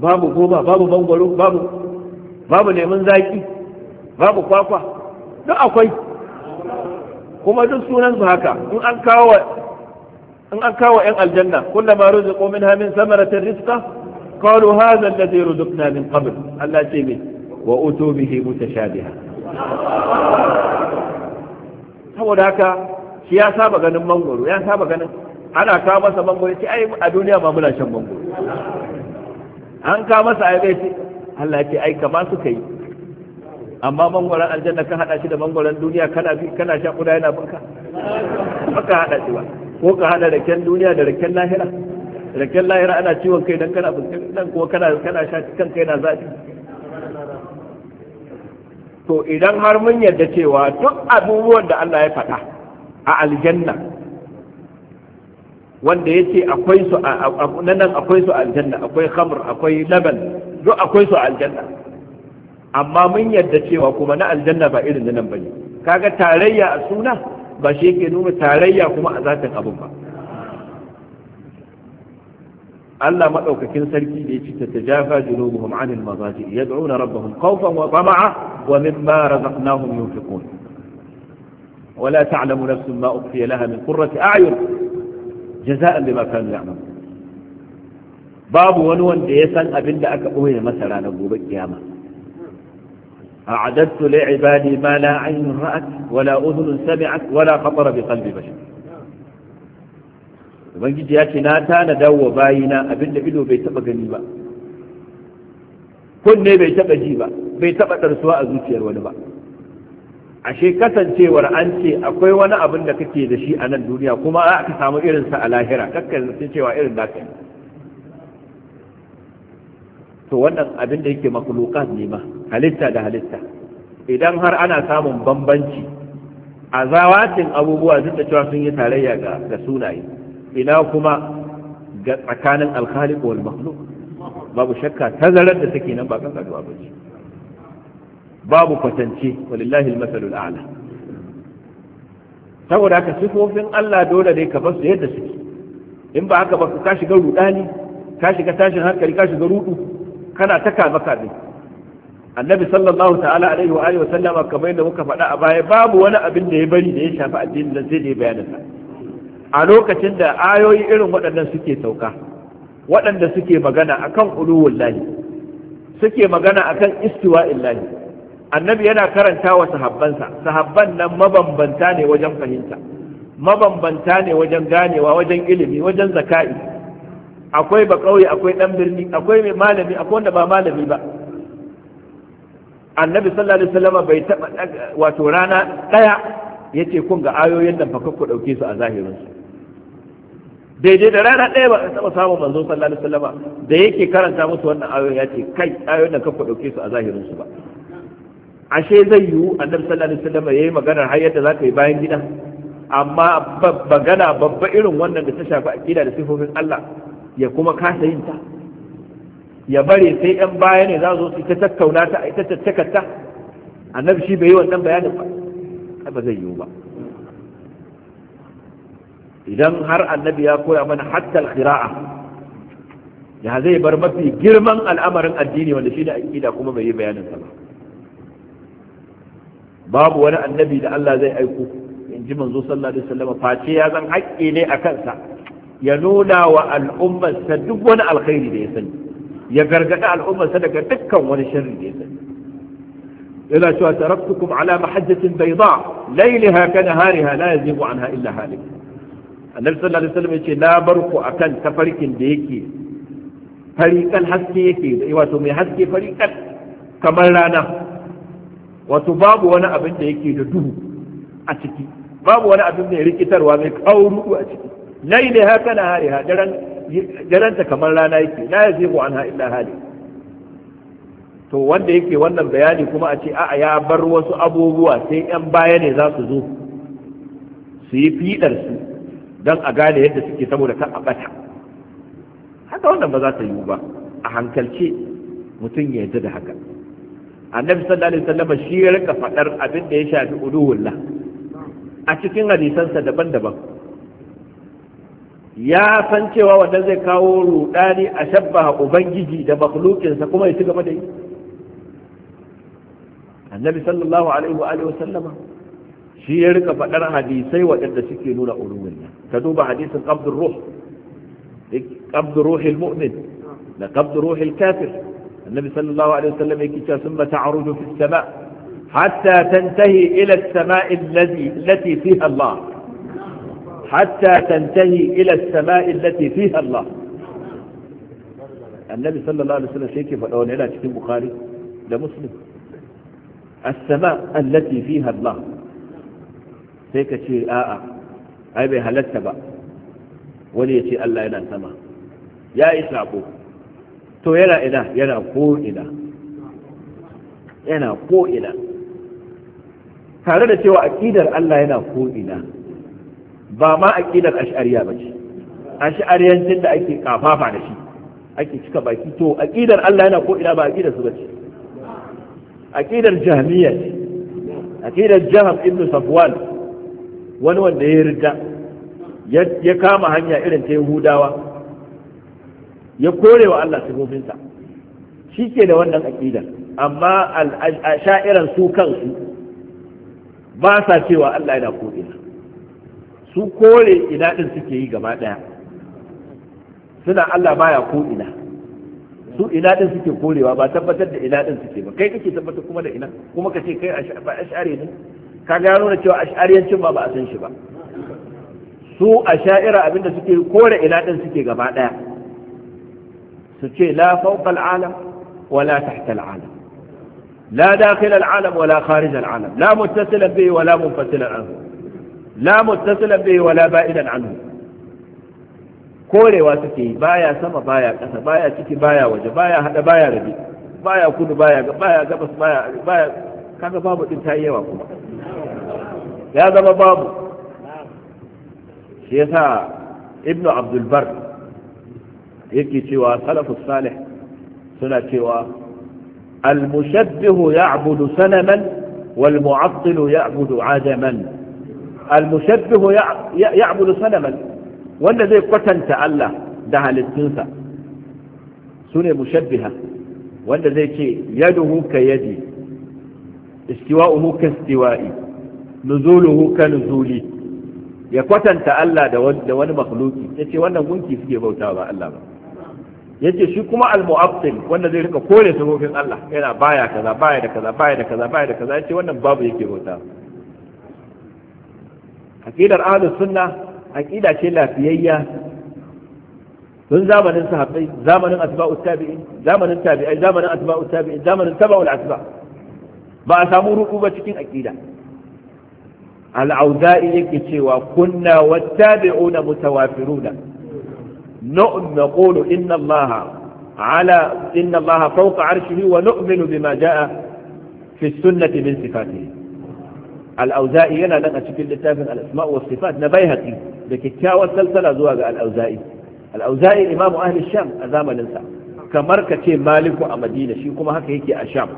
babu goma, babu bangwaro babu babu lemun zaki babu kwakwa duk akwai kuma duk sunan su haka in an kawo in an kawo yan aljanna kullama ruziqu minha min samaratin rizqa qalu hadha alladhi ruziqna min qabl Allah ce me wa utu bihi mutashabiha saboda haka shi ya saba ganin mangoro ya saba ganin ana kawo masa mangoro ce ai a duniya ba muna shan mangoro an kawo masa ai bai ce Allah ce ai kama suka yi amma mangoron aljanna ka hada shi da mangoron duniya kana bi kana sha kuda yana banka baka hada shi ba ko ka hada raken duniya da raken lahira raken lahira ana ciwon kai dan kana dan ko kana kana sha kan kai na zafi to idan har mun yarda cewa duk abubuwan da Allah ya faɗa a aljanna wanda ya ce akwai su a nan akwai su a aljanna akwai khamr akwai laban duk akwai su a aljanna amma mun yarda cewa kuma na aljanna ba irin nan bane kaga tarayya a suna ba shi yake nuna tarayya kuma a zatin abin ba Allah madaukakin sarki da yace tatajafa junubuhum anil mazaji yad'una rabbahum khawfan wa tama'a wa mimma razaqnahum yunfiqun ولا تعلم نفس ما أخفي لها من قرة أعين جزاء بما كانوا يعملون babu wani wanda ya san abin da aka ɓoye masa ranar gobe kiyama أعددت لعبادي ما لا عين رأت ولا أذن سمعت ولا خطر بقلب بشر ubangiji ya ce na tana dawo bayina abinda ido bai taba gani ba kunne bai taba ji ba bai taba ɗarsuwa a zuciyar wani ba ashe kasancewar an ce akwai wani abin da kake da shi a nan duniya kuma aka samu irinsa a lahira kakkan sun cewa irin ka yi. to wannan abin da yake makhluqat ne ma halitta da halitta idan har ana samun bambanci a zawatin abubuwa duk da cewa sun yi tarayya ga ga sunaye ina kuma ga tsakanin alkhaliq wal makhluq babu shakka tazarar da take nan ba kan kaduwa ba babu kwatance walillahi almasalul a'la saboda haka sifofin Allah dole ne ka basu yadda suke in ba haka ba ka shiga rudani ka shiga tashin hankali ka shiga rudu kana ta kame kame annabi sallallahu ta'ala alaihi wa alihi wa sallama kamar yadda muka faɗa a baya babu wani abin da ya bari da ya shafi addinin nan sai da ya a lokacin da ayoyi irin waɗannan suke sauka waɗanda suke magana akan uluwullahi suke magana akan istiwa'illahi annabi yana karanta wa sahabbansa sahabban nan mabambanta ne wajen fahimta mabambanta ne wajen ganewa wajen ilimi wajen zaka'i akwai ba kauye akwai dan birni akwai mai malami akwai wanda ba malami ba annabi sallallahu alaihi wasallam bai taba wato rana daya yace kun ga ayoyin da fa ku dauke su a zahirin su daidai da rana daya ba a taba samu manzo sallallahu alaihi wasallam da yake karanta musu wannan ayoyin yace kai ayoyin da ka dauke su a zahirin su ba ashe zai yiwu annabi sallallahu alaihi wasallam yayi maganar har yadda zaka yi bayan gida amma magana babba irin wannan da ta shafi aqida da sifofin Allah ya kuma kasa yin ta ya bare sai ɗan baya ne za su ta tattauna ta ita tattakarta annabi shi bai yi wannan bayanin ba ba zai yiwu ba idan har annabi ya koya mana hatta al ya zai bar mafi girman al'amarin addini wanda shi da aqida kuma bai yi bayanin sa ba babu wani annabi da Allah zai aiko in ji manzo sallallahu alaihi wasallam face ya zan haƙƙi ne a kansa ya nuna wa al'ummarsa duk wani alkhairi da ya sani ya gargada al'ummarsa daga dukkan wani sharri da ya sani yana cewa taraktukum ala mahajjatin bayda laylaha ka nahariha la yazibu anha illa halik annabi sallallahu alaihi wasallam yace na barku akan tafarkin da yake fariƙan haske yake wato mai haske fariƙan kamar rana wato babu wani abin da yake da duhu a ciki babu wani abin da ya rikitarwa mai kawo a ciki laili haka na hari ha daren ta kamar rana yake la an anha illa hali to wanda yake wannan bayani kuma a ce a'a ya bar wasu abubuwa sai yan baya ne za su zo su yi fidar su don a gane yadda suke saboda ta a bata haka wannan ba za ta yiwu ba a hankalce mutum ya yadda da haka annabi sallallahu alaihi wasallam shi ya rika fadar abin da ya shafi uduhullah a cikin hadisansa daban-daban ya san cewa wanda zai kawo rudani a shabbaha ubangiji da makhlukinsa kuma ya ci gaba da yi annabi sallallahu alaihi wa alihi sallama. shi ya rika faɗar hadisai waɗanda suke nuna ulumin ka duba hadisin qabdur ruh qabdur ruhil mu'min da qabdur ruhil kafir annabi sallallahu alaihi wasallam yake cewa summa ta'rudu fis sama' hatta tantahi ila as-sama'i allati fiha Allah hatta tantahi ila as-sama'i Allah annabi sallallahu alaihi wasallam sai yake faɗa wannan yana cikin bukhari da muslim as-sama' allati Allah sai ka ce a'a ai bai halatta ba wani ya ce Allah yana sama ya yi sako to yana ina yana ko ina tare da cewa aƙidar Allah yana ko ina ba ma a aqidar ash'ariya bace ash'ariyancin da ake kafafa da shi ake cika baki to aqidar Allah yana ko ina ba aqidar su a aqidar jahmiya ce aqidar jahab ibn safwan wani wanda ya rida ya kama hanya irin ta yahudawa ya kore wa Allah sifofinsa shi ke da wannan aqidar amma al-sha'iran su kansu ba sa cewa Allah yana ko'ina. su kore ina din suke yi gaba daya suna Allah baya ko ina su ina din suke korewa ba tabbatar da ina din suke ba kai kake tabbatar kuma da ina kuma ka ce kai ash'ari ne ka gano da cewa ash'ariyancin ba ba a san shi ba su a sha'ira abinda suke kore ina din suke gaba ɗaya. su ce la fawqa al'alam La tahta al'alam لا داخل العالم ولا خارج العالم لا متصلا wa ولا منفصلا عنه la muttasilan bihi wala ba'idan anhu korewa suke yi baya sama baya ƙasa baya ciki baya waje baya hada baya rabi baya kudu baya baya gabas baya baya kaga babu din ta yawa kuma ya zama babu shi yasa ibnu abdul bar yake cewa salafus salih suna cewa al mushabbihu ya'budu sanaman wal mu'attilu ya'budu adaman al-mushabbihu ya'budu sanaman wanda zai kwatanta Allah da halittunsa sune mushabbiha wanda zai ce yaduhu ka yadi istiwa'uhu ka istiwa'i nuzuluhu ka nuzuli ya kwatanta Allah da wani makhluki yace wannan gunki suke bautawa ba Allah ba yace shi kuma al-mu'attil wanda zai rika kore sabobin Allah yana baya kaza baya da kaza baya da kaza baya da kaza yace wannan babu yake bauta Aƙidar ahlus sunna aƙida ce lafiyayya tun zamanin sahabbai zamanin asba'u tabi'in zamanin tabi'ai zamanin asba'u tabi'in zamanin tabaul asba ba a samu ruku ba cikin aƙida. al-auza'i yake cewa kunna wattabi'una mutawafiruna نقول إن الله على إن الله فوق عرشه ونؤمن بما جاء في السنة من صفاته al yana nan a cikin littafin al-asma' wa sifat na baihaqi da kyakkyawar salsala zuwa ga al-auza'i al-auza'i imamu ahli sham a zamanin sa kamar ka ce maliku a madina shi kuma haka yake a sham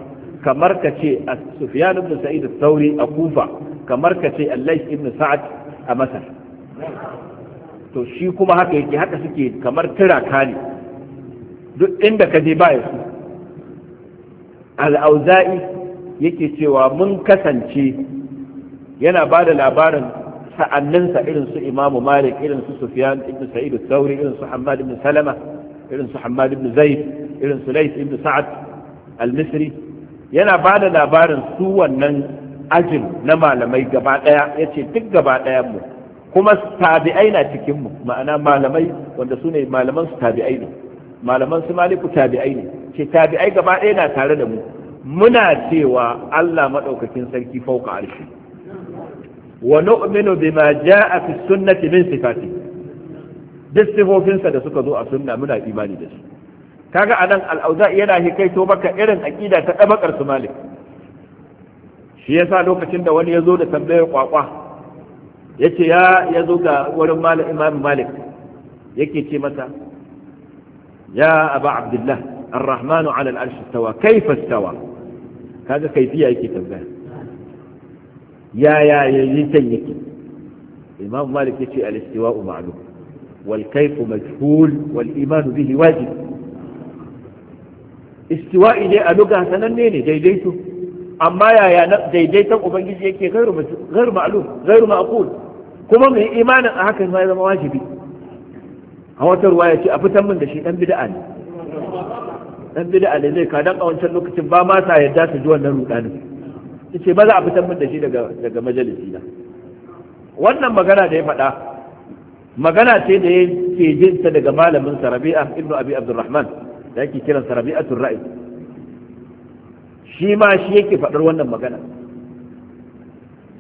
kamar ka ce sufyan ibn sa'id sauri a kufa kamar ka ce al ibn sa'ad a masar to shi kuma haka yake haka suke kamar tiraka ne duk inda ka je baya su al'auza'i yake cewa mun kasance yana ba da labarin sa'anninsa irin su imamu malik irin su Sufiyan, ibn sa'id al-thawri irin su hammad ibn salama irin su hammad ibn zaid irin su laith ibn sa'ad al-misri yana ba da labarin su wannan ajin na malamai gaba daya yace duk gaba dayan mu kuma tabi'ai na cikin mu ma'ana malamai wanda su ne malaman su tabi'ai ne malaman su maliku tabi'ai ne ce tabi'ai gaba daya na tare da mu muna cewa Allah madaukakin sarki fauka arshi wa nu'minu bima jaa fi sunnati min sifati duk sifofinsa da suka zo a sunna muna imani da su kaga anan al-auza yana hikaito maka irin aqida ta dabakar su malik shi yasa lokacin da wani ya zo da tambayar kwakwa yace ya yazo ga wurin malik imam malik yake ce masa ya aba abdullah الرحمن على العرش استوى كيف استوى هذا كيفية كتاب yaya yayyitan yake imam malik ya ce istiwau ma'lum wal kayfu majhul wal Imanu bihi wajib istiwa'i dai a luga sananne ne daidaito amma yaya daidaitan ubangiji yake gairu ma'lum gairu ma'qul kuma mai imanin a hakan ya zama wajibi a wata ruwa ya ce a fitan min da shi dan bid'a ne dan bid'a ne zai ka dan a wancan lokacin ba ma sa yadda su ji wannan rudanin ce ba za a fitar da shi daga majalisi na wannan magana da ya faɗa magana ce da ke jin ta daga malamin sarabi'a ibn Abi Abdurrahman da yake kiran sarabi'atul Ra'i shi ma shi yake faɗar wannan magana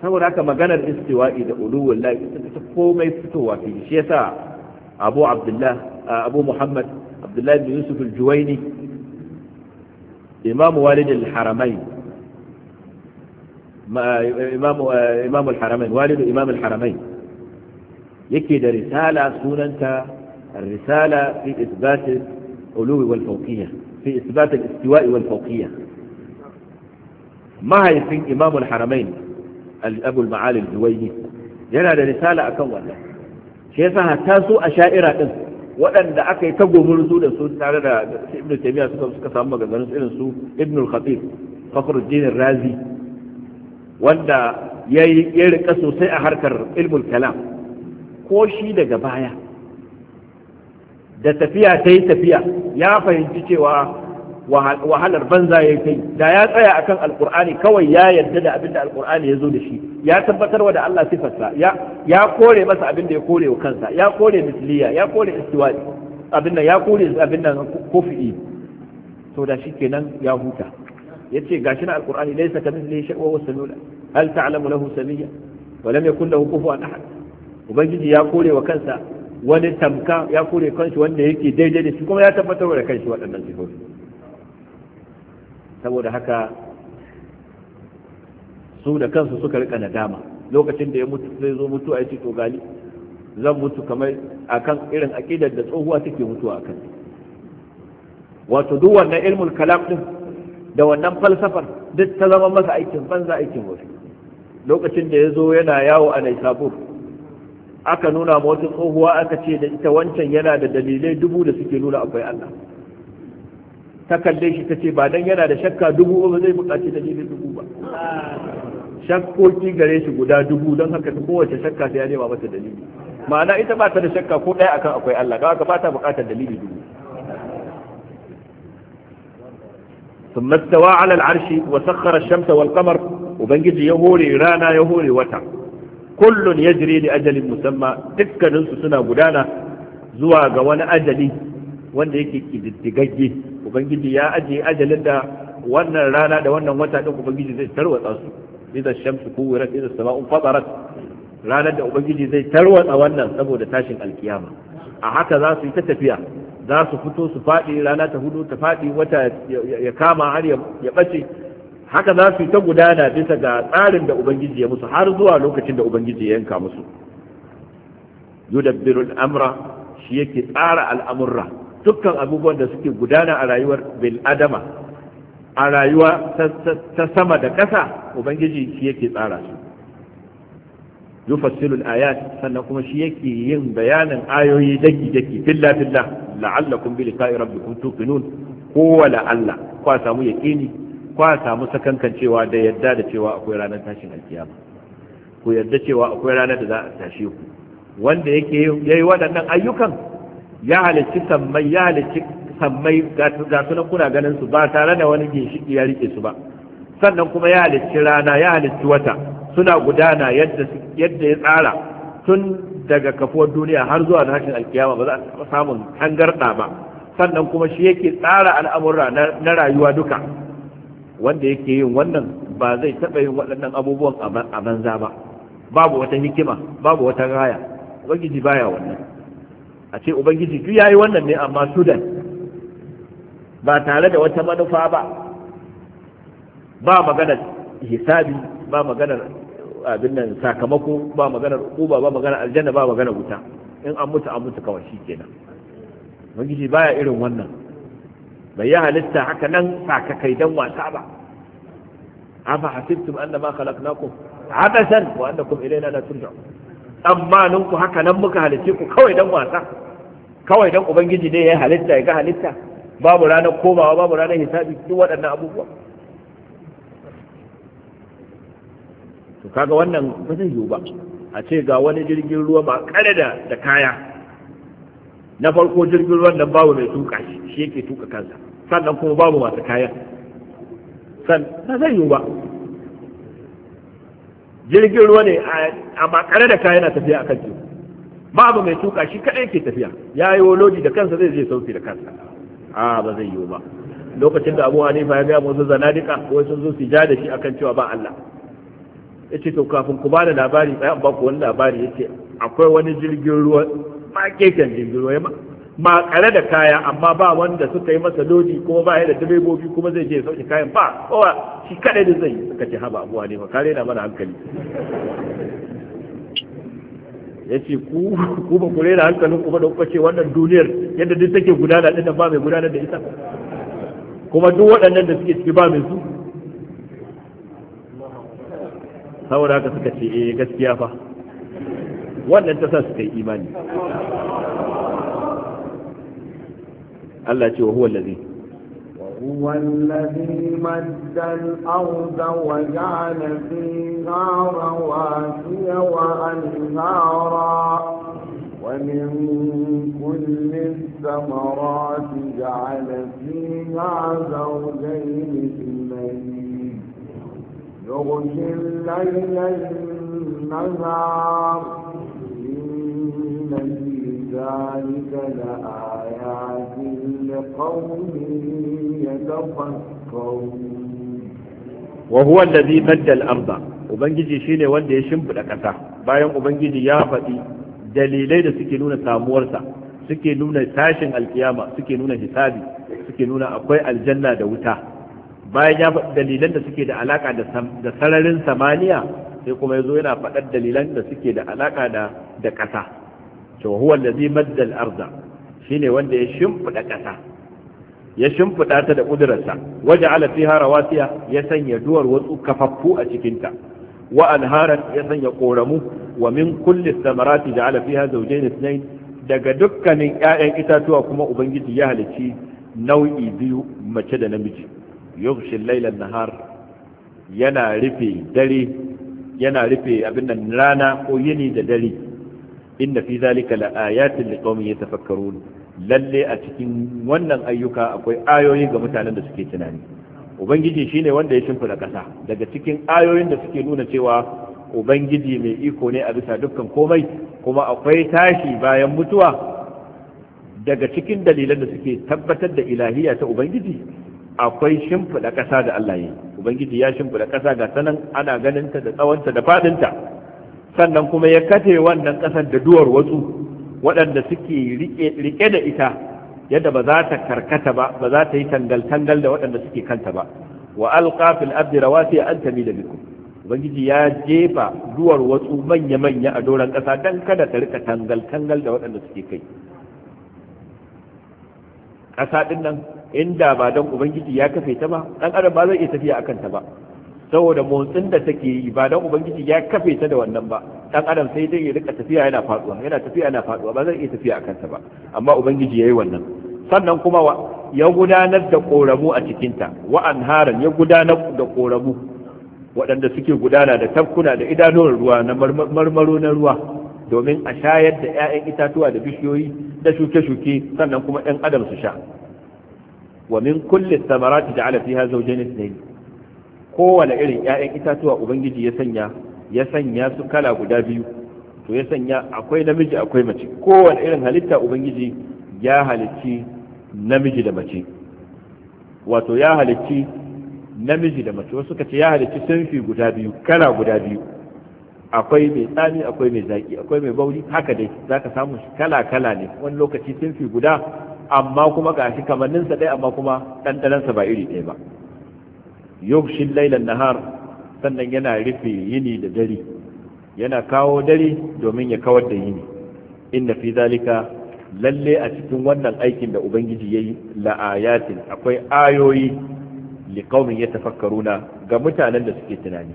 saboda haka maganar istiwa'i da uluwul lahi ta komai fitowa fi shi yasa Abu Abdullah Abu Muhammad Abdullah ibn Yusuf al-Juwayni imam walid al-Haramain امام آه، امام الحرمين والد امام الحرمين يكي ده رساله سننته الرساله في اثبات الالوه والفوقيه في اثبات الاستواء والفوقيه ما هي في امام الحرمين ابو المعالي الجويني جرى رساله اكون له شيخها تاسو اشائره وان دين ودان دا اكاي تغومرزو ده سو تاره ابن تيميه سو سو ابن الخطيب فخر الدين الرازي wanda ya yi rika sosai a harkar ilmul kalam ko shi daga baya da tafiya ta yi tafiya ya fahimci cewa wahalar banza ya kai da ya tsaya akan alkur'ani kawai ya yarda da abin da alkur'ani ya zo da shi ya tabbatar da Allah sifarsa ya kore masa abin da ya kore wa kansa ya kore misliya ya kore istiwali abin nan ya kore abin nan to da shi kenan ya huta yace gashi na alqur'ani laysa kamithlihi shay'un wa huwa hal ta'lamu lahu samiyya wa lam yakul lahu kufuwan ahad ubangiji ya kore wa kansa wani tamka ya kore kanshi wanda yake daidai da shi kuma ya tabbatar da kanshi waɗannan sifofi saboda haka su da kansu suka rika nadama lokacin da ya mutu zai zo mutu a ce to gali zan mutu kamar akan irin aƙidar da tsohuwa take mutuwa akan wato duk wannan ilmul kalam din da wannan falsafar duk ta zama masa aikin banza aikin wasu lokacin da ya zo yana yawo a naisabur aka nuna ma wata tsohuwa aka ce da ita wancan yana da dalilai dubu da suke nuna akwai Allah ta kalle shi ta ce ba dan yana da shakka dubu ba zai buƙaci dalilin dubu ba shakkoki gare shi guda dubu don haka ta kowace shakka sai ya nema mata dalili ma'ana ita ba ta da shakka ko ɗaya akan akwai Allah don haka ba ta buƙatar dalili dubu ثم استوى على العرش وسخر الشمس والقمر وبنجي يهوري رانا يهوري وتا كل يجري لأجل مسمى تلك ننس سنة قدانا زوا قوانا أجلي wanda yake kididdigagge ubangiji ya ajiye ajalin da wannan rana da wannan wata din ubangiji zai tarwatsa su idan shamsu kuwirat idan sama'un fatarat ranar da ubangiji zai tarwatsa wannan saboda tashin alkiyama a haka za su yi ta tafiya za su fito su faɗi rana ta hudu ta faɗi wata ya kama har ya ɓace haka za su yi ta gudana bisa ga tsarin da ubangiji ya musu har zuwa lokacin da ubangiji ya yanka musu yudabbirul amra shi yake tsara al'amurra dukkan abubuwan da suke gudana a rayuwar bil adama a rayuwa ta sama da ƙasa ubangiji shi yake tsara su yufassilu al-ayat sannan kuma shi yake yin bayanin ayoyi daki daki filla filla la'allakum bi liqa'i rabbikum tuqinun ko wala Allah kwa samu yaqini kwa samu sakankan cewa da yadda da cewa akwai ranar tashin alkiyama ku yadda cewa akwai ranar da za a tashi ku wanda yake yayi waɗannan ayyukan ya halicci sammai ya halicci sammai ga sunan kuna ganin su ba tare da wani ginshiki ya rike su ba sannan kuma ya halicci rana ya halicci wata suna gudana yadda yadda ya tsara tun daga kafuwar duniya har zuwa na tashin alkiyama ba za a samun tangarda ba sannan kuma shi yake tsara al'amurra na rayuwa duka wanda yake yin wannan ba zai taɓa yin waɗannan abubuwan a banza ba babu wata hikima babu wata raya ubangiji baya wannan a ce ubangiji duk yayi wannan ne amma sudan ba tare da wata manufa ba ba maganar hisabi ba maganar abin nan sakamako ba maganar uba ba maganar aljanna ba maganar wuta in an mutu an mutu kawai shikenan ubangiji baya irin wannan bai ya halitta haka nan sakakai dan wasa ba afa hasibtum ma khalaqnakum abasan wa annakum ilayna la turja'un tsammanin ku haka nan muka halitte ku kawai dan wasa kawai dan ubangiji ne ya halitta ya ga halitta babu ranar komawa babu ranar hisabi duk waɗannan abubuwa to kaga wannan ba zai yiwu ba a ce ga wani jirgin ruwa ba kare da da kaya na farko jirgin ruwan nan babu mai tuka shi shi yake tuka kansa sannan kuma babu masu kayan san ba zai yiwu ba jirgin ruwa ne a ba kare da kaya na tafiya akan teku babu mai tuka shi kadai ke tafiya ya yi lodi da kansa zai je sauki da kansa a ba zai yiwu ba lokacin da abu hanifa ya gaya musu zanadika wai sun zo su ja da shi akan cewa ba Allah ya ce to kafin ku bada labari sai an baku ku wani labari ce akwai wani jirgin ruwa ma keken jirgin ruwa ma kare da kaya amma ba wanda suka yi masa lodi kuma ba ya da direbobi kuma zai je ya sauke kayan ba kowa shi kadai da zai suka ce haba abuwa ne ba kare na mana hankali ya ce ku ku ba ku rera hankalin ba da kuka ce wannan duniyar yadda duk take gudana din ba mai gudanar da ita kuma duk waɗannan da suke ciki ba mai su saboda haka suka ce eh gaskiya fa wannan ta sasu kai imani Allah ce wa huwa allazi هو الذي مد الأرض وجعل فيها رواسي وأنهارا ومن كل الثمرات جعل فيها زوجين يغشي الليل النهار إن في ذلك لآيات لقوم يتفكرون وهو الذي مد الأرض ubangiji shine wanda ya shimfiɗa ƙasa bayan ubangiji ya faɗi dalilai da suke nuna samuwarsa suke nuna tashin alkiyama suke nuna hisabi suke nuna akwai aljanna da wuta bayan ya faɗi dalilan da suke da alaƙa da sararin samaniya sai kuma ya zo yana faɗar dalilan da suke da alaƙa da ƙasa cewa huwa zai madda arza shi ne wanda ya shimfiɗa ƙasa ya shimfiɗa ta da ala fi hara wasiya ya sanya duwar wasu kafaffu a cikinta, ta wa anharan ya sanya koramu wa min kulli samarati ja'ala fiha zawjayn ithnayn daga dukkanin ƴaƴan itatuwa kuma ubangiji ya halicci nau'i biyu mace da namiji yughshi al nahar yana rufe dare yana rufe abin rana ko yini da dare inna fi zalika la ayatin liqaumin yatafakkarun lalle a cikin wannan ayyuka akwai ayoyi ga mutanen da suke tunani ubangiji shine wanda ya shimfida kasa daga cikin ayoyin da suke nuna cewa ubangiji mai iko ne a bisa dukkan komai kuma akwai tashi bayan mutuwa daga cikin dalilan da suke tabbatar da ilahiya ta ubangiji akwai shimfiɗa ƙasa da Allah yi ubangiji ya shimfiɗa ƙasa ga sanan ana ganinta da tsawonta da faɗinta sannan kuma ya kafe wannan ƙasar da duwar wasu waɗanda suke riƙe da ita yadda ba za ta karkata ba ba za ta yi tangal-tangal da waɗanda suke kanta ba wa alqafil abdi rawasi an da biku ubangiji ya jefa duwar wasu manya-manya a doron ƙasa dan kada ta rika tangal-tangal da waɗanda suke kai ƙasa ɗin nan inda ba don ubangiji ya kafe ta ba dan adam ba zai iya tafiya akan ta ba saboda motsin da take yi ba don ubangiji ya kafe ta da wannan ba dan adam sai dai ya rika tafiya yana faduwa yana tafiya yana faduwa ba zai iya tafiya akan ta ba amma ubangiji yayi wannan sannan kuma ya gudanar da koramu a cikinta wa anharan ya gudanar da koramu waɗanda suke gudana da tafkuna da idanun ruwa na marmaro na ruwa domin a shayar da 'ya'yan itatuwa da bishiyoyi da shuke-shuke sannan kuma 'yan adam su sha wa min kulli thamarati ja'ala fiha zawjayn ithnayn kowane irin ƴaƴan itatuwa ubangiji ya sanya su kala guda biyu to ya sanya akwai namiji akwai mace kowane irin halitta ubangiji ya halicci namiji da mace wato ya halicci namiji da mace wasu kace ya halicci sunfi guda biyu kala guda biyu tsami akwai mai zaki akwai mai bauri haka dai zaka samu kala kala ne wani lokaci sunfi guda amma kuma ga shi kamanninsa ɗaya amma kuma ɗanɗanansa ba iri ɗaya ba shi lailan nahar sannan yana rufe yini da dare yana kawo dare domin ya kawar da yini inna fi zalika lalle a cikin wannan aikin da ubangiji ya yi la'ayatin akwai ayoyi liƙaumin ya tafakkaruna ga mutanen da suke tunani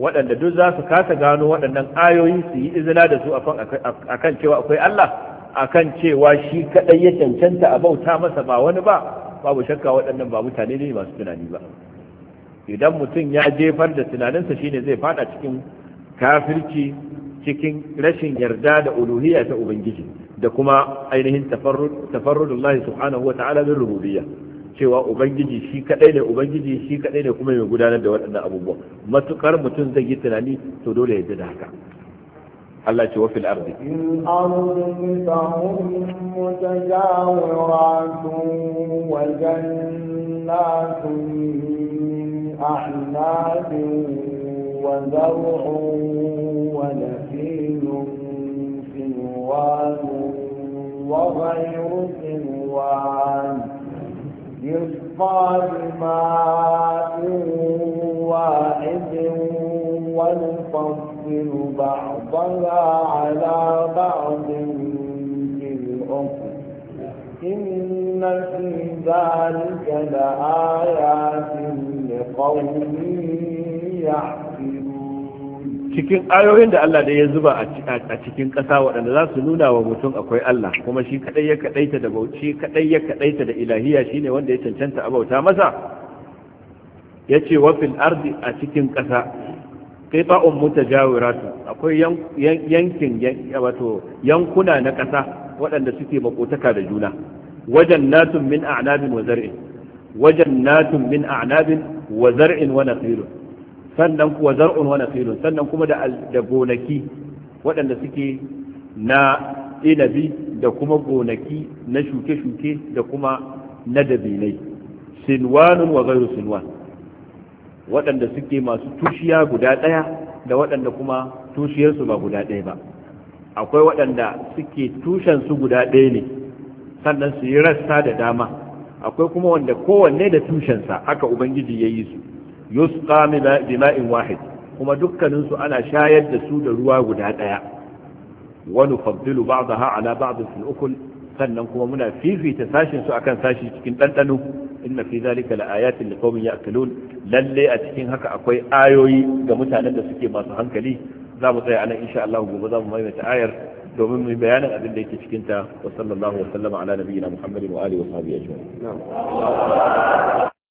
waɗanda duk za su kasa gano waɗannan ayoyi su yi izina da su akan cewa akwai Allah akan cewa shi kadai ya cancanta a bauta masa ba wani ba babu shakka waɗannan ba mutane ne masu tunani ba idan mutum ya jefar da tunaninsa shine zai fada cikin kafirci cikin rashin yarda da uluhiyya ta ubangiji da kuma ainihin Allah subhanahu wata'ala min rububiyya cewa ubangiji shi kadai ne ubangiji shi kadai ne kuma mai gudanar da waɗannan abubuwa matukar mutum zai yi tunani to dole ya ji da haka الله جوا في الأرض متجاورات وجنات أحناب وزرع ونخيل سنوان وغير سنوان يسقى بماء نفضل بعضها على بعض في الأخر إن في ذلك لآيات لقوم يحفظون cikin ayoyin da Allah dai ya zuba a cikin ƙasa waɗanda za su nuna wa mutum akwai Allah kuma shi kaɗai ya kaɗaita da bauchi kaɗai ya kaɗaita da ilahiya shine wanda ya cancanta a bauta masa ya ce wafin ardi a cikin ƙasa qita'un mutajawiratu akwai yankin wato yankuna na ƙasa waɗanda suke makotaka da juna wajen natun min a'nabin wa zar'in wajen natun min a'nabin wa zar'in wa nakhilun sannan kuma zar'un wa nakhilun sannan kuma da da gonaki waɗanda suke na inabi da kuma gonaki na shuke-shuke da kuma na dabinai sinwanun wa gairu sinwan waɗanda suke masu tushiya guda ɗaya da waɗanda kuma tushiyarsu ba guda ɗaya ba akwai waɗanda suke tushensu guda ɗaya ne sannan su yi rasta da dama akwai kuma wanda kowanne da tushensa haka ubangiji ya yi su yusqa bima'in wahid kuma dukkaninsu ana shayar da su da ruwa guda ɗaya wani fabdilu ba'daha ala ba'd fil ukul sannan kuma muna fifita sashin su akan sashi cikin ɗanɗano inna fi zalika laayatin a ya'qilun lalle a cikin haka akwai ayoyi ga mutanen da suke masu hankali za mu tsaya anan insha Allah gobe za mu maimaita ayar domin mu bayanin abin da yake cikin ta wa sallallahu wa sallama ala nabiyina muhammadin wa alihi wa sahbihi ajma'in